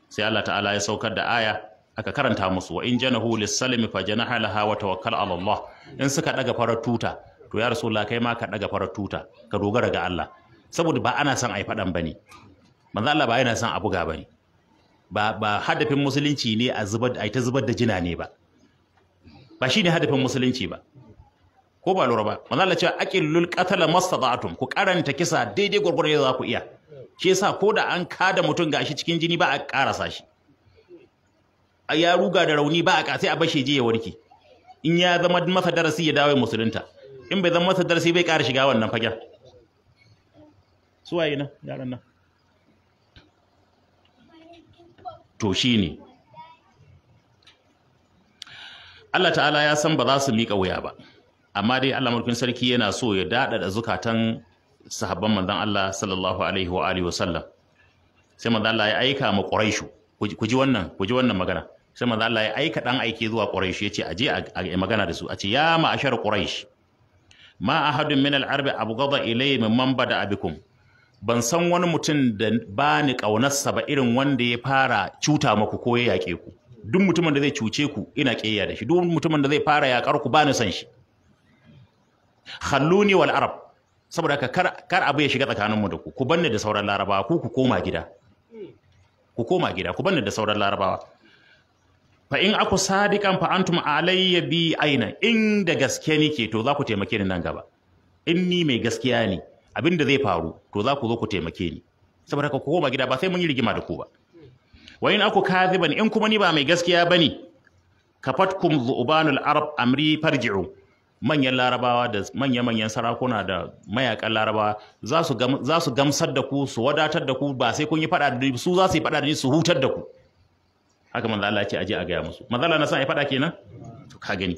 sai Allah ta'ala ya saukar da aya aka karanta musu wa in janahu lis fa janaha laha wa tawakkal ala Allah in suka daga farar tuta to ya rasulullah kai ma ka daga farar tuta ka dogara ga Allah saboda ba ana son ai fadan bane manzo Allah ba yana son a buga bane ba ba hadafin musulunci ne a zubar ai ta zubar da jina ne ba ba shine hadafin musulunci ba ko ba lura ba manzo Allah cewa aqillul qatal mastata'tum ku karanta kisa daidai gurgurai da za ku iya shi yasa ko da an kada mutum gashi cikin jini ba a karasa shi ya ruga da rauni ba a kasai a bashe je ya warke in ya zama masa darasi ya dawo musulunta in bai zama masa darasi bai ƙara shiga wannan fagen su waye nan yaran nan to shine Allah ta'ala ya san ba za su miƙa wuya ba amma dai Allah mulkin sarki yana so ya da zukatan sahabban manzon Allah sallallahu alaihi wa alihi sallam sai manzon Allah ya aika mu Quraishu ku ji wannan ku ji wannan magana sai manzo Allah ya aika dan aike zuwa Quraysh yace a je a magana da su a ce ya ma'ashar Quraysh ma ahadun min al-arbi ilai ilayhi mamba da abikum ban san wani mutum da ba ni kaunarsa ba irin wanda ya fara cuta maku ko ya yaƙe ku duk mutumin da zai cuce ku ina ƙeya da shi duk mutumin da zai fara yaƙar ku ba ni san shi khalluni wal arab saboda ka kar abu ya shiga tsakaninmu da ku ku banne da sauran larabawa ku ku koma gida ku koma gida ku banne da sauran larabawa fa in aku sadiqan fa antum alayya bi aina in da gaske ke to za ku taimake ni nan gaba in ni mai gaskiya ne abin da zai faru to za ku zo ku taimake ni saboda ka koma gida ba sai mun yi rigima da ku ba wa in aku kadhiban in kuma ni ba mai gaskiya bane kafatkum zubanul arab amri farji'u manyan larabawa da manyan manyan sarakuna da mayakan larabawa za su gamsar da ku su wadatar da ku ba sai kun yi fada da su za su yi fada da ni su hutar da ku haka manzo Allah ce aje a gaya musu manzo Allah na san ai faɗa kenan to ka gani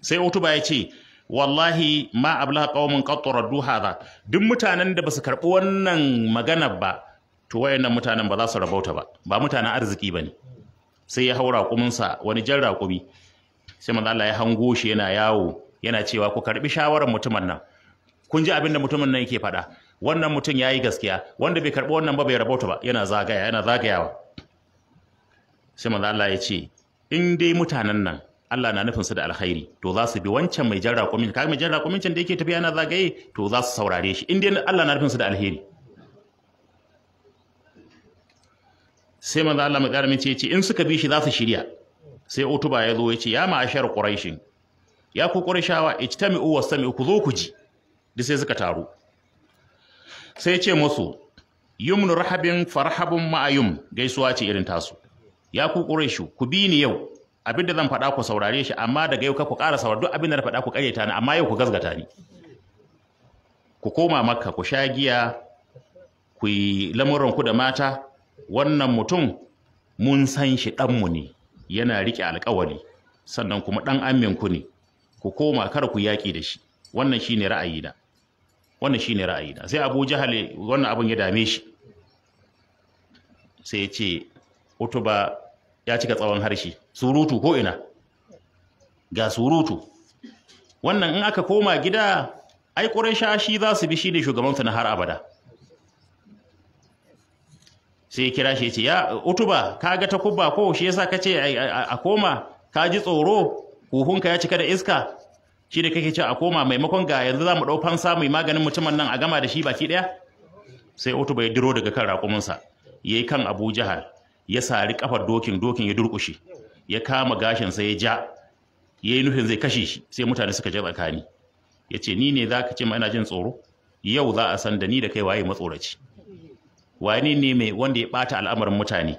sai utuba ya ce wallahi ma abla qaumun qattara duha duk mutanen da basu karbi wannan magana ba to wayannan mutanen ba za su rabauta ba ba mutanen arziki bane sai ya haura kuminsa wani jan raƙumi sai manzo Allah ya hango shi yana yawo yana cewa ku karbi shawaran mutumin nan kun ji abin da mutumin nan yake faɗa wannan mutum ya yi gaskiya wanda bai karɓi wannan ba bai rabauta ba yana zagaya yana zagayawa sai manzo Allah ya ce in dai mutanen nan Allah na nufin su da alkhairi to za su bi wancan mai jan kumin kaga mai jan kumin can da yake tafiya na zagaye to za su saurare shi in dai Allah na nufin su da alkhairi. sai manzo Allah mai karamin ce in suka bi shi za su shirya sai utuba ya zo ya ce ya ma'ashar quraishin ya ku qurayshawa ijtami'u wasami'u ku zo ku ji duk sai suka taru sai ya ce musu yumnu rahabin farhabun ma'ayum gaisuwa ce irin tasu ya ku shi ku bi ni yau abin da zan faɗa ku saurare shi amma daga yau ku ƙara saurare duk abin da na faɗa ku ƙaryata ni amma yau ku gazgata ni ku koma makka ku sha giya ku yi lamuran ku da mata wannan mutum mun san shi ɗanmu ne yana rike alƙawari sannan kuma ɗan amin ku ne ku koma kar ku yaƙi da shi wannan shine ra'ayina wannan shine ra'ayina sai Abu Jahal wannan abin ya dame shi sai ya ce ba ya cika tsawon harshe surutu ko ina ga surutu wannan in aka koma gida ai ƙuraysha shi za su bi shi ne shugabansu na har abada sai ya kira shi ya ce ya utuba ka ga ta kubba ko shi yasa ka ce a koma ka ji tsoro huhunka ya cika da iska shi da kake ce a koma maimakon ga yanzu za mu ɗau fansa mai maganin mutumin nan a gama da shi baki ɗaya sai utuba ya diro daga kan raƙuminsa ya yi kan abu jihar ya sari kafar dokin dokin ya durkushe ya kama gashin sai ya ja ya yi nufin zai kashe shi sai mutane suka je tsakani ya ce ni ne za ka ce ma ina jin tsoro yau za a san da ni da kai waye matsoraci wani ne mai wanda ya bata al'amarin mutane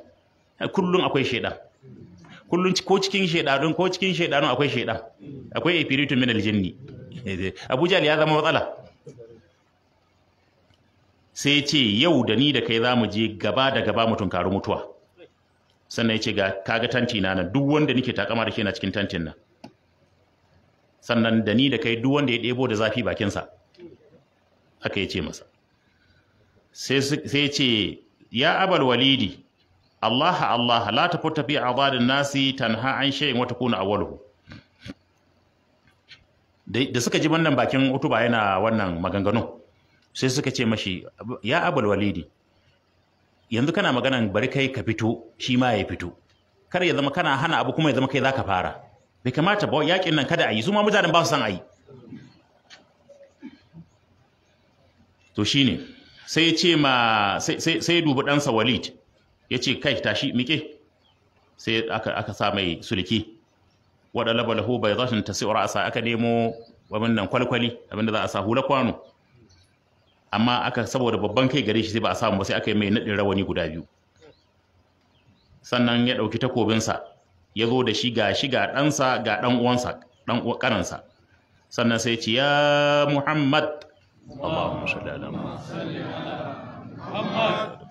kullum akwai shaidan kullum ko cikin shaidanun ko cikin shaidanun akwai shaidan akwai ifiritu min aljinni abuja ya zama matsala sai ce yau da ni da kai za mu je gaba da gaba mu karu mutuwa sannan ya ce ga kaga tanti na nan duk wanda nake takama da shi na cikin tantin nan sannan da ni da kai duk wanda ya ɗebo da zafi bakinsa Aka ya ce masa sai ce ya abal walidi Allah Allah la tafutta fi azadin nasi tanha an shay'in wa takuna awwaluhu da suka ji wannan bakin utuba yana wannan maganganu sai suka ce mashi ya abal walidi yanzu kana magana bari kai ka fito shi ma ya fito kar ya zama kana hana abu kuma ya zama kai zaka fara bai kamata ba yakin nan kada a yi su ma mutanen ba su san a yi to shine sai ya ce ma sai ya dubi ɗansa walid ya ce kai tashi mike sai aka sa mai sulki waɗanda balahu bai zashin ta asa aka nemo wannan kwalkwali abin da za a sa hula kwano amma aka saboda babban kai gare shi sai ba a samu ba sai aka yi mai naɗin rawani guda biyu sannan ya ɗauki takobinsa ya zo da shi ga shi ga ɗansa ga ɗan uwansa ɗan ƙaransa sannan sai ce ya muhammad Allahumma salli ala Muhammad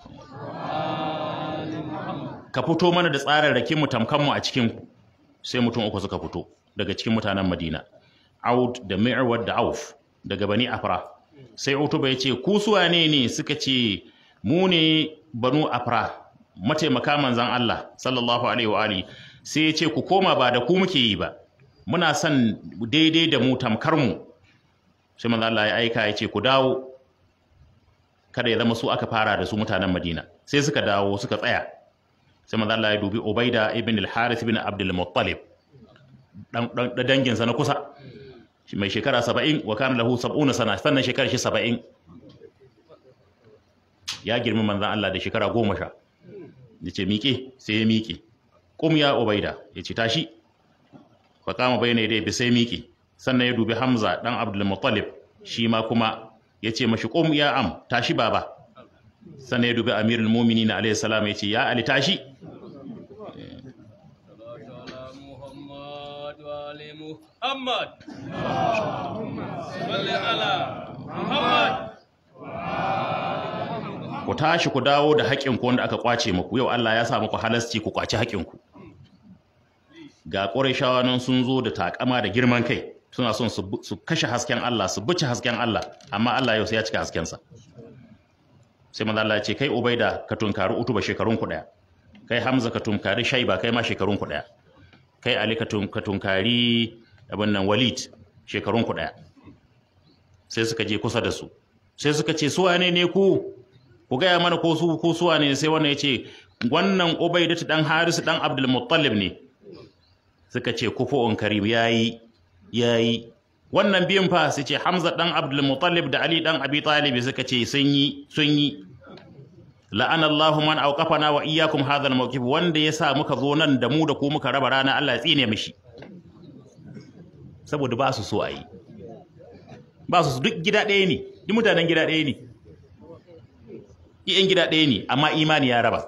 ka fito mana da tsarin tsararrakin mu tamkanmu a cikin ku sai mutum uku suka fito daga cikin mutanen Madina Aud da mi'awar da Auf daga Bani Afra sai utuba ya ce ku suwa ne ne suka ce mu ne banu afra mataimaka manzan Allah sallallahu alaihi wa sai ya ce ku koma ba da ku muke yi ba muna son daidai da mu tamkar mu sai manzan Allah ya aika ya ce ku dawo kada ya zama su aka fara da su mutanen Madina sai suka dawo suka tsaya sai manzan Allah ya dubi Ubaida ibn al-Harith ibn Abdul Muttalib dan danginsa na kusa mai shekara saba'in wa kana lahu sab'una sana sannan shekarar shi saba'in ya girmi manzan Allah da shekara goma sha ya ce miƙe sai ya miƙe kum ya ubaida ya ce tashi fa kama bayna yadai bi sai miƙe sannan ya dubi hamza ɗan abdul muttalib shi ma kuma ya ce mashi kum ya am tashi baba sannan ya dubi amirul na alayhi salam ya ce ya ali tashi محمد صل ala? محمد ku tashi ku dawo da ku wanda aka kwace muku yau Allah ya sa muku halasci ku kwaci ku ga ƙurashawa nan sun zo da takama da girman kai suna son su kashe hasken Allah su buce hasken Allah amma Allah yau sai ya cika haskensa sai manzo Allah ce kai Ubaida ka tunkari Utuba shekarun ku daya kai Hamza ka tunkari Shaiba kai ma shekarun ku daya kai ali ka tunkari abin nan walid shekarun ku sai suka je kusa da su sai suka ce su wane ne ku ku gaya mana ko su ko su wane sai wannan ya ce wannan ubaidatu dan harisu dan abdul muttalib ne suka ce kufu'un karim yayi yayi wannan biyun fa sai ce hamza dan abdul muttalib da ali dan abi talib suka ce sun yi sun yi la'ana Allahu man auqafana wa iyyakum hadha al-mawqif wanda yasa muka zo nan da mu da ku muka raba rana Allah ya tsine mishi saboda ba su so ayi ba su duk gida ɗaya ne duk mutanen gida ɗaya ne iyan gida ɗaya ne amma imani ya raba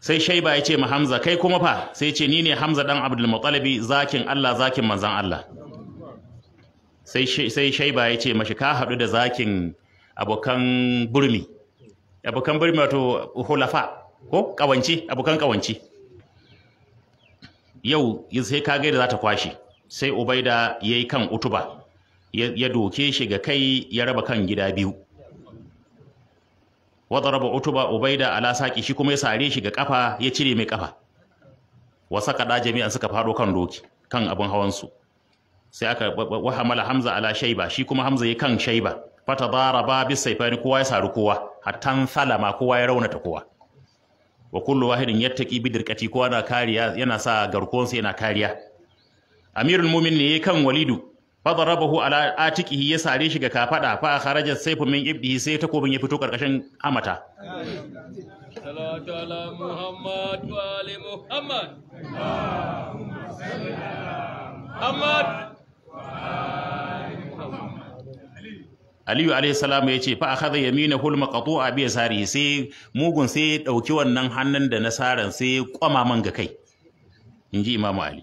sai shaiba ya ce ma Hamza kai kuma fa sai ce ni ne Hamza dan Abdul Muttalib zakin Allah zakin manzon Allah sai shaiba ya ce mashi ka haɗu da zakin abokan burmi abokan burmi wato hulafa ko kawanci abokan kawanci yau sai ka gaida za ta kwashe sai ubaida ya yi kan utuba ya doke shi ga kai ya raba kan gida biyu wata raba utuba ubaida ala saƙi shi kuma ya sare shi ga kafa ya cire mai kafa wasa kaɗa jami'an suka faɗo kan doki kan abin hawansu sai aka wahamala hamza ala shaiba shi kuma hamza ya kan shaiba fata daraba sai saifani kowa ya saru kowa hatta salama kowa ya raunata kowa wa kullu wahidin yattaqi bidirqati kowa na kariya yana sa sa yana kariya amirul mu'min ne kan walidu fadarabahu ala atiqihi ya sare shi ga kafada fa kharaja sayfu min ibdihi sai takobin ya fito karkashin amata salatu ala muhammad wa ali muhammad muhammad aliyu alayhi salam ya ce fa akhadha yaminahu al-maqtu'a bi yasarihi sai mugun sai ya dauki wannan hannun da nasaran sai ya kwama man ga kai inji imamu ali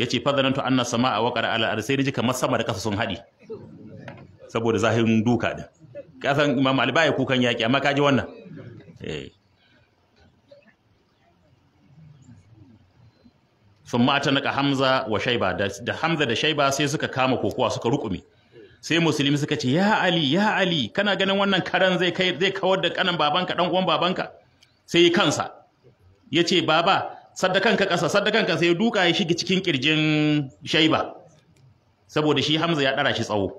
yace fa zanantu anna sama'a wa qara ala sai ji kamar sama da kasa sun hadi saboda zahirin duka din kasan imamu ali baya kukan yaki amma kaji wannan eh sun ma'ata naka hamza wa shaiba da hamza da shaiba sai suka kama kokowa suka rukumi. sai musulmi suka ce ya ali ya ali kana ganin wannan karan zai kai zai kawar da kanan babanka dan uwan babanka sai yi kansa yace baba saddakanka kasa saddakanka sai duka ya shige cikin kirjin shaiba saboda shi hamza ya dara shi tsawo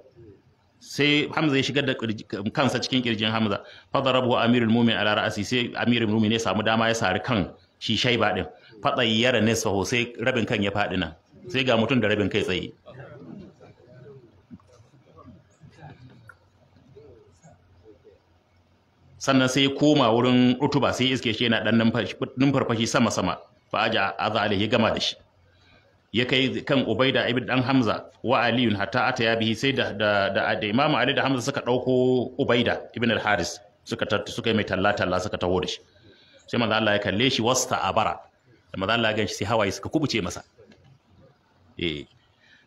sai hamza ya shigar da kansa cikin kirjin hamza fadarabu amirul mu'min ala ra'asi sai amirul mu'min ya samu dama ya sari kan shi shaiba din fadayyara nisfahu sai rabin kan ya fadi nan sai ga mutum da rabin kai tsaye sannan sai ya koma wurin utuba sai iske shi yana dan numfarfashi sama sama fa aja azali ya gama da shi ya kai kan ubaida ibn dan hamza wa aliyun hatta ya bihi sai da da da, da imam ali da hamza suka dauko ubaida ibn al haris suka suka mai talla talla suka taho da shi sai manzo Allah ya kalle shi wasta abara manzo Allah ya ganshi sai hawaye suka kubuce masa eh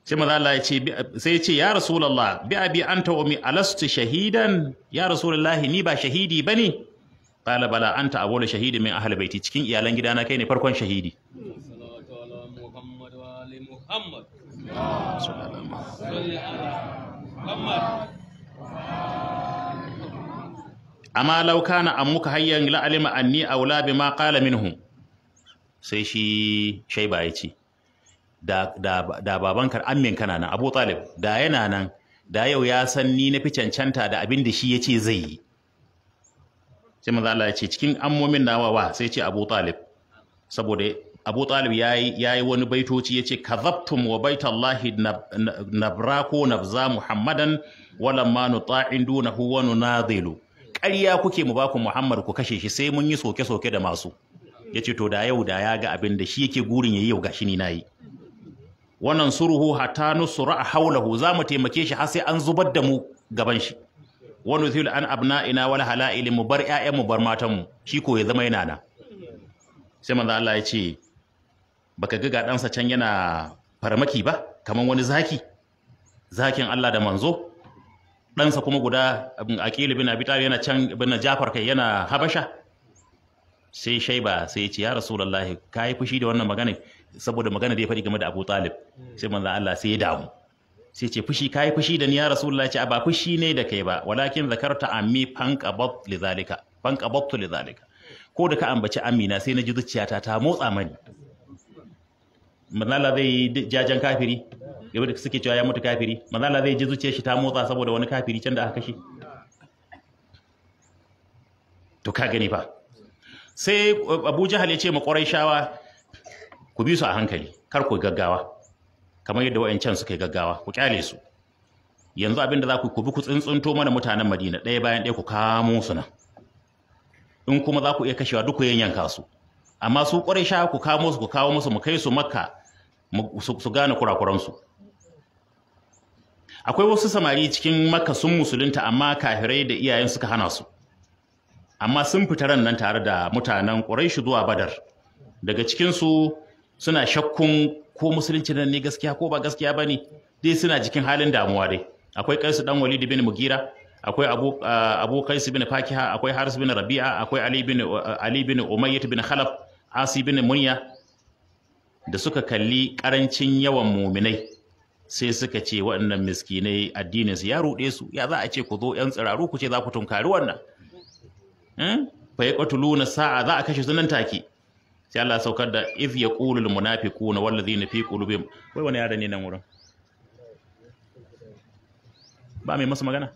sai maza Allah ya ce sai ce ya rasulullah bi abi anta wa mi alastu shahidan ya rasulullah ni ba shahidi bane qala bala anta awwalu shahidi min ahli baiti cikin iyalan gidana kai ne farkon shahidi amma law kana ammuka hayyan la alima anni aula bima qala minhu sai shi shaiba ya ce da baban kar kana nan Abu Talib da yana nan da yau ya san ni na fi cancanta da abin da shi ya ce zai yi sai maza Allah ya ce cikin ammomin nawa wa sai ce Abu Talib saboda Abu Talib ya yi wani baitoci yace zaftun wa na nabra ko nabza Muhammadan walamma nuta'in dunahu na nunadilu ƙarya kuke mu baku Muhammad ku kashe shi sai mun yi soke-soke da masu Ya ce to da yau da ya ga abin da shi yake gurin ya yi yau gashi ni na yi. wannan suruhu hata nusura a haula za mu taimake shi har sai an zubar da mu gaban shi wani nuthil an ina wani hala'il mu bar ƴaƴan mu bar matan mu shi ko ya zama yana na sai manzo Allah ya ce baka ga ga ɗansa can yana farmaki ba kamar wani zaki zakin Allah da manzo ɗansa kuma guda aqil bin abi talib yana can bin jafar kai yana habasha sai shaiba sai ya ce ya rasulullahi kai fushi da wannan magana saboda magana da ya faɗi game da Abu Talib hmm. sai manzo Allah sai ya damu sai ce fushi kai fushi da ni ya Rasulullah ce ba fushi ne da kai ba walakin zakarta ammi fanqabat lidhalika li zalika ko da ka ambaci amina sai na ji zuciyata ta motsa mani manzala zai yi kafiri game da suke cewa ya mutu kafiri manzala zai ji zuciyar shi ta motsa saboda wani kafiri can da aka kashe to ka gani fa sai abu jahal ya ce ma shawa ku bi su a hankali kar ku gaggawa kamar yadda wayancan suka yi gaggawa ku kyale su yanzu abin da za ku ku bi ku tsuntsunto mana mutanen Madina ɗaya bayan ɗaya ku kamo su nan in kuma za ku iya kashewa duk ku yanyanka su amma su ƙwarai sha ku kamo su ku kawo musu mu kai su makka su gane kurakuransu akwai wasu samari cikin makka sun musulunta amma kafirai da iyayen suka hana su amma sun fita ran nan tare da mutanen ƙwarai zuwa badar daga cikinsu suna shakkun ko musulunci nan ne gaskiya ko ba gaskiya ba ne dai suna jikin halin damuwa dai akwai kaisu dan walidi bin mugira akwai abu ah, abu kaisu bin fakiha akwai haris bin rabi'a akwai ali bin ali bin khalaf asi bin munya da suka kalli karancin yawan muminai sai suka ce waɗannan miskinai addinin su ya ruɗe su ya za a ce ku zo yan tsiraru ku ce za ku tunkari wannan hmm? fa na sa'a za a kashe su nan take sai Allah saukar da iz yaqulul munafiquna wallazina fi qulubihim wai wani yaro ne nan wurin ba mai masu magana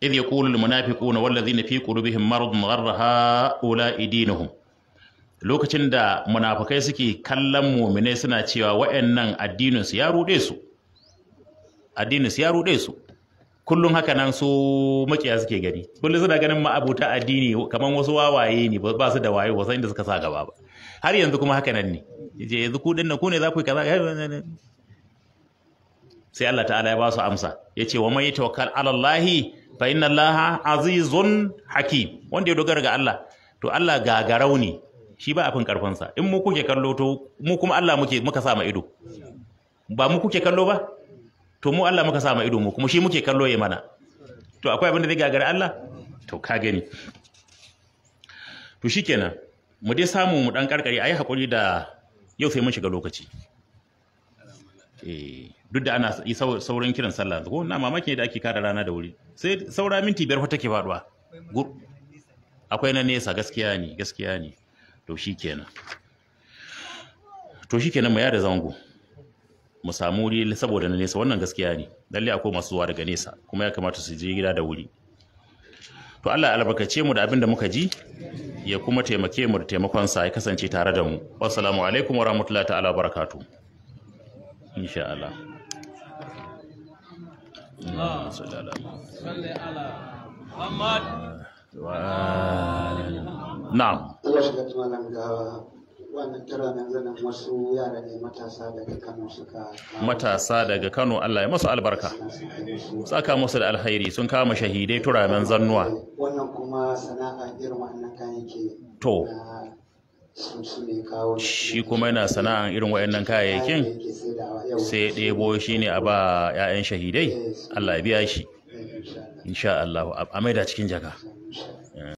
iz yaqulul munafiquna wallazina fi qulubihim maradun gharra haula'i idinuhu lokacin da munafikai suke kallon mu'minai suna cewa wa'annan addinin ya rude su addinin su ya rude su kullum haka nan su makiya suke gani kullum suna ganin ma'abuta addini kamar wasu wawaye ne ba su da waye wasu inda suka sa gaba ba har yanzu kuma haka nan ne je yanzu ku dinnan ku ne za ku yi kaza sai Allah ta'ala ya ba su amsa ce wa mai tawakkal ala Allah fa inna Allah azizun hakim wanda ya dogara ga Allah to Allah gagarauni ne shi ba afin karfansa in mu kuke kallo to mu kuma Allah muke muka sa ma ido ba mu kuke kallo ba to mu Allah muka sa ido mu kuma shi muke kallo ya mana to akwai abin da zai gagara Allah to ka gani to shikenan mu dai samu mu dan karkare ayi hakuri da yau sai mun shiga lokaci eh duk da ana sauran kiran sallah ko na mamaki da ake kada rana da wuri sai saura minti biyar fa take faduwa akwai na nesa gaskiya ne gaskiya ne to shikenan to shikenan mu ya da zango mu samu wuri saboda na nesa wannan gaskiya ne lalle akwai masu zuwa daga nesa kuma ya kamata su je gida da wuri to Allah albarkace mu da abin da muka ji ya kuma taimake mu da taimakon sa ya kasance tare da mu assalamu alaikum wa rahmatullahi ta'ala barakatuh insha Allah Allah Muhammad wa na'am Allah shi tunanin matasa daga Kano Allah ya masu albarka saka musu da alhairi sun kama shahidai turamen zannuwa to shi kuma yana sana'an irin waɗannan kayayyakin sai ɗebo shi ne a ba 'ya'yan shahidai Allah ya biya shi insha Allah a maida cikin jaka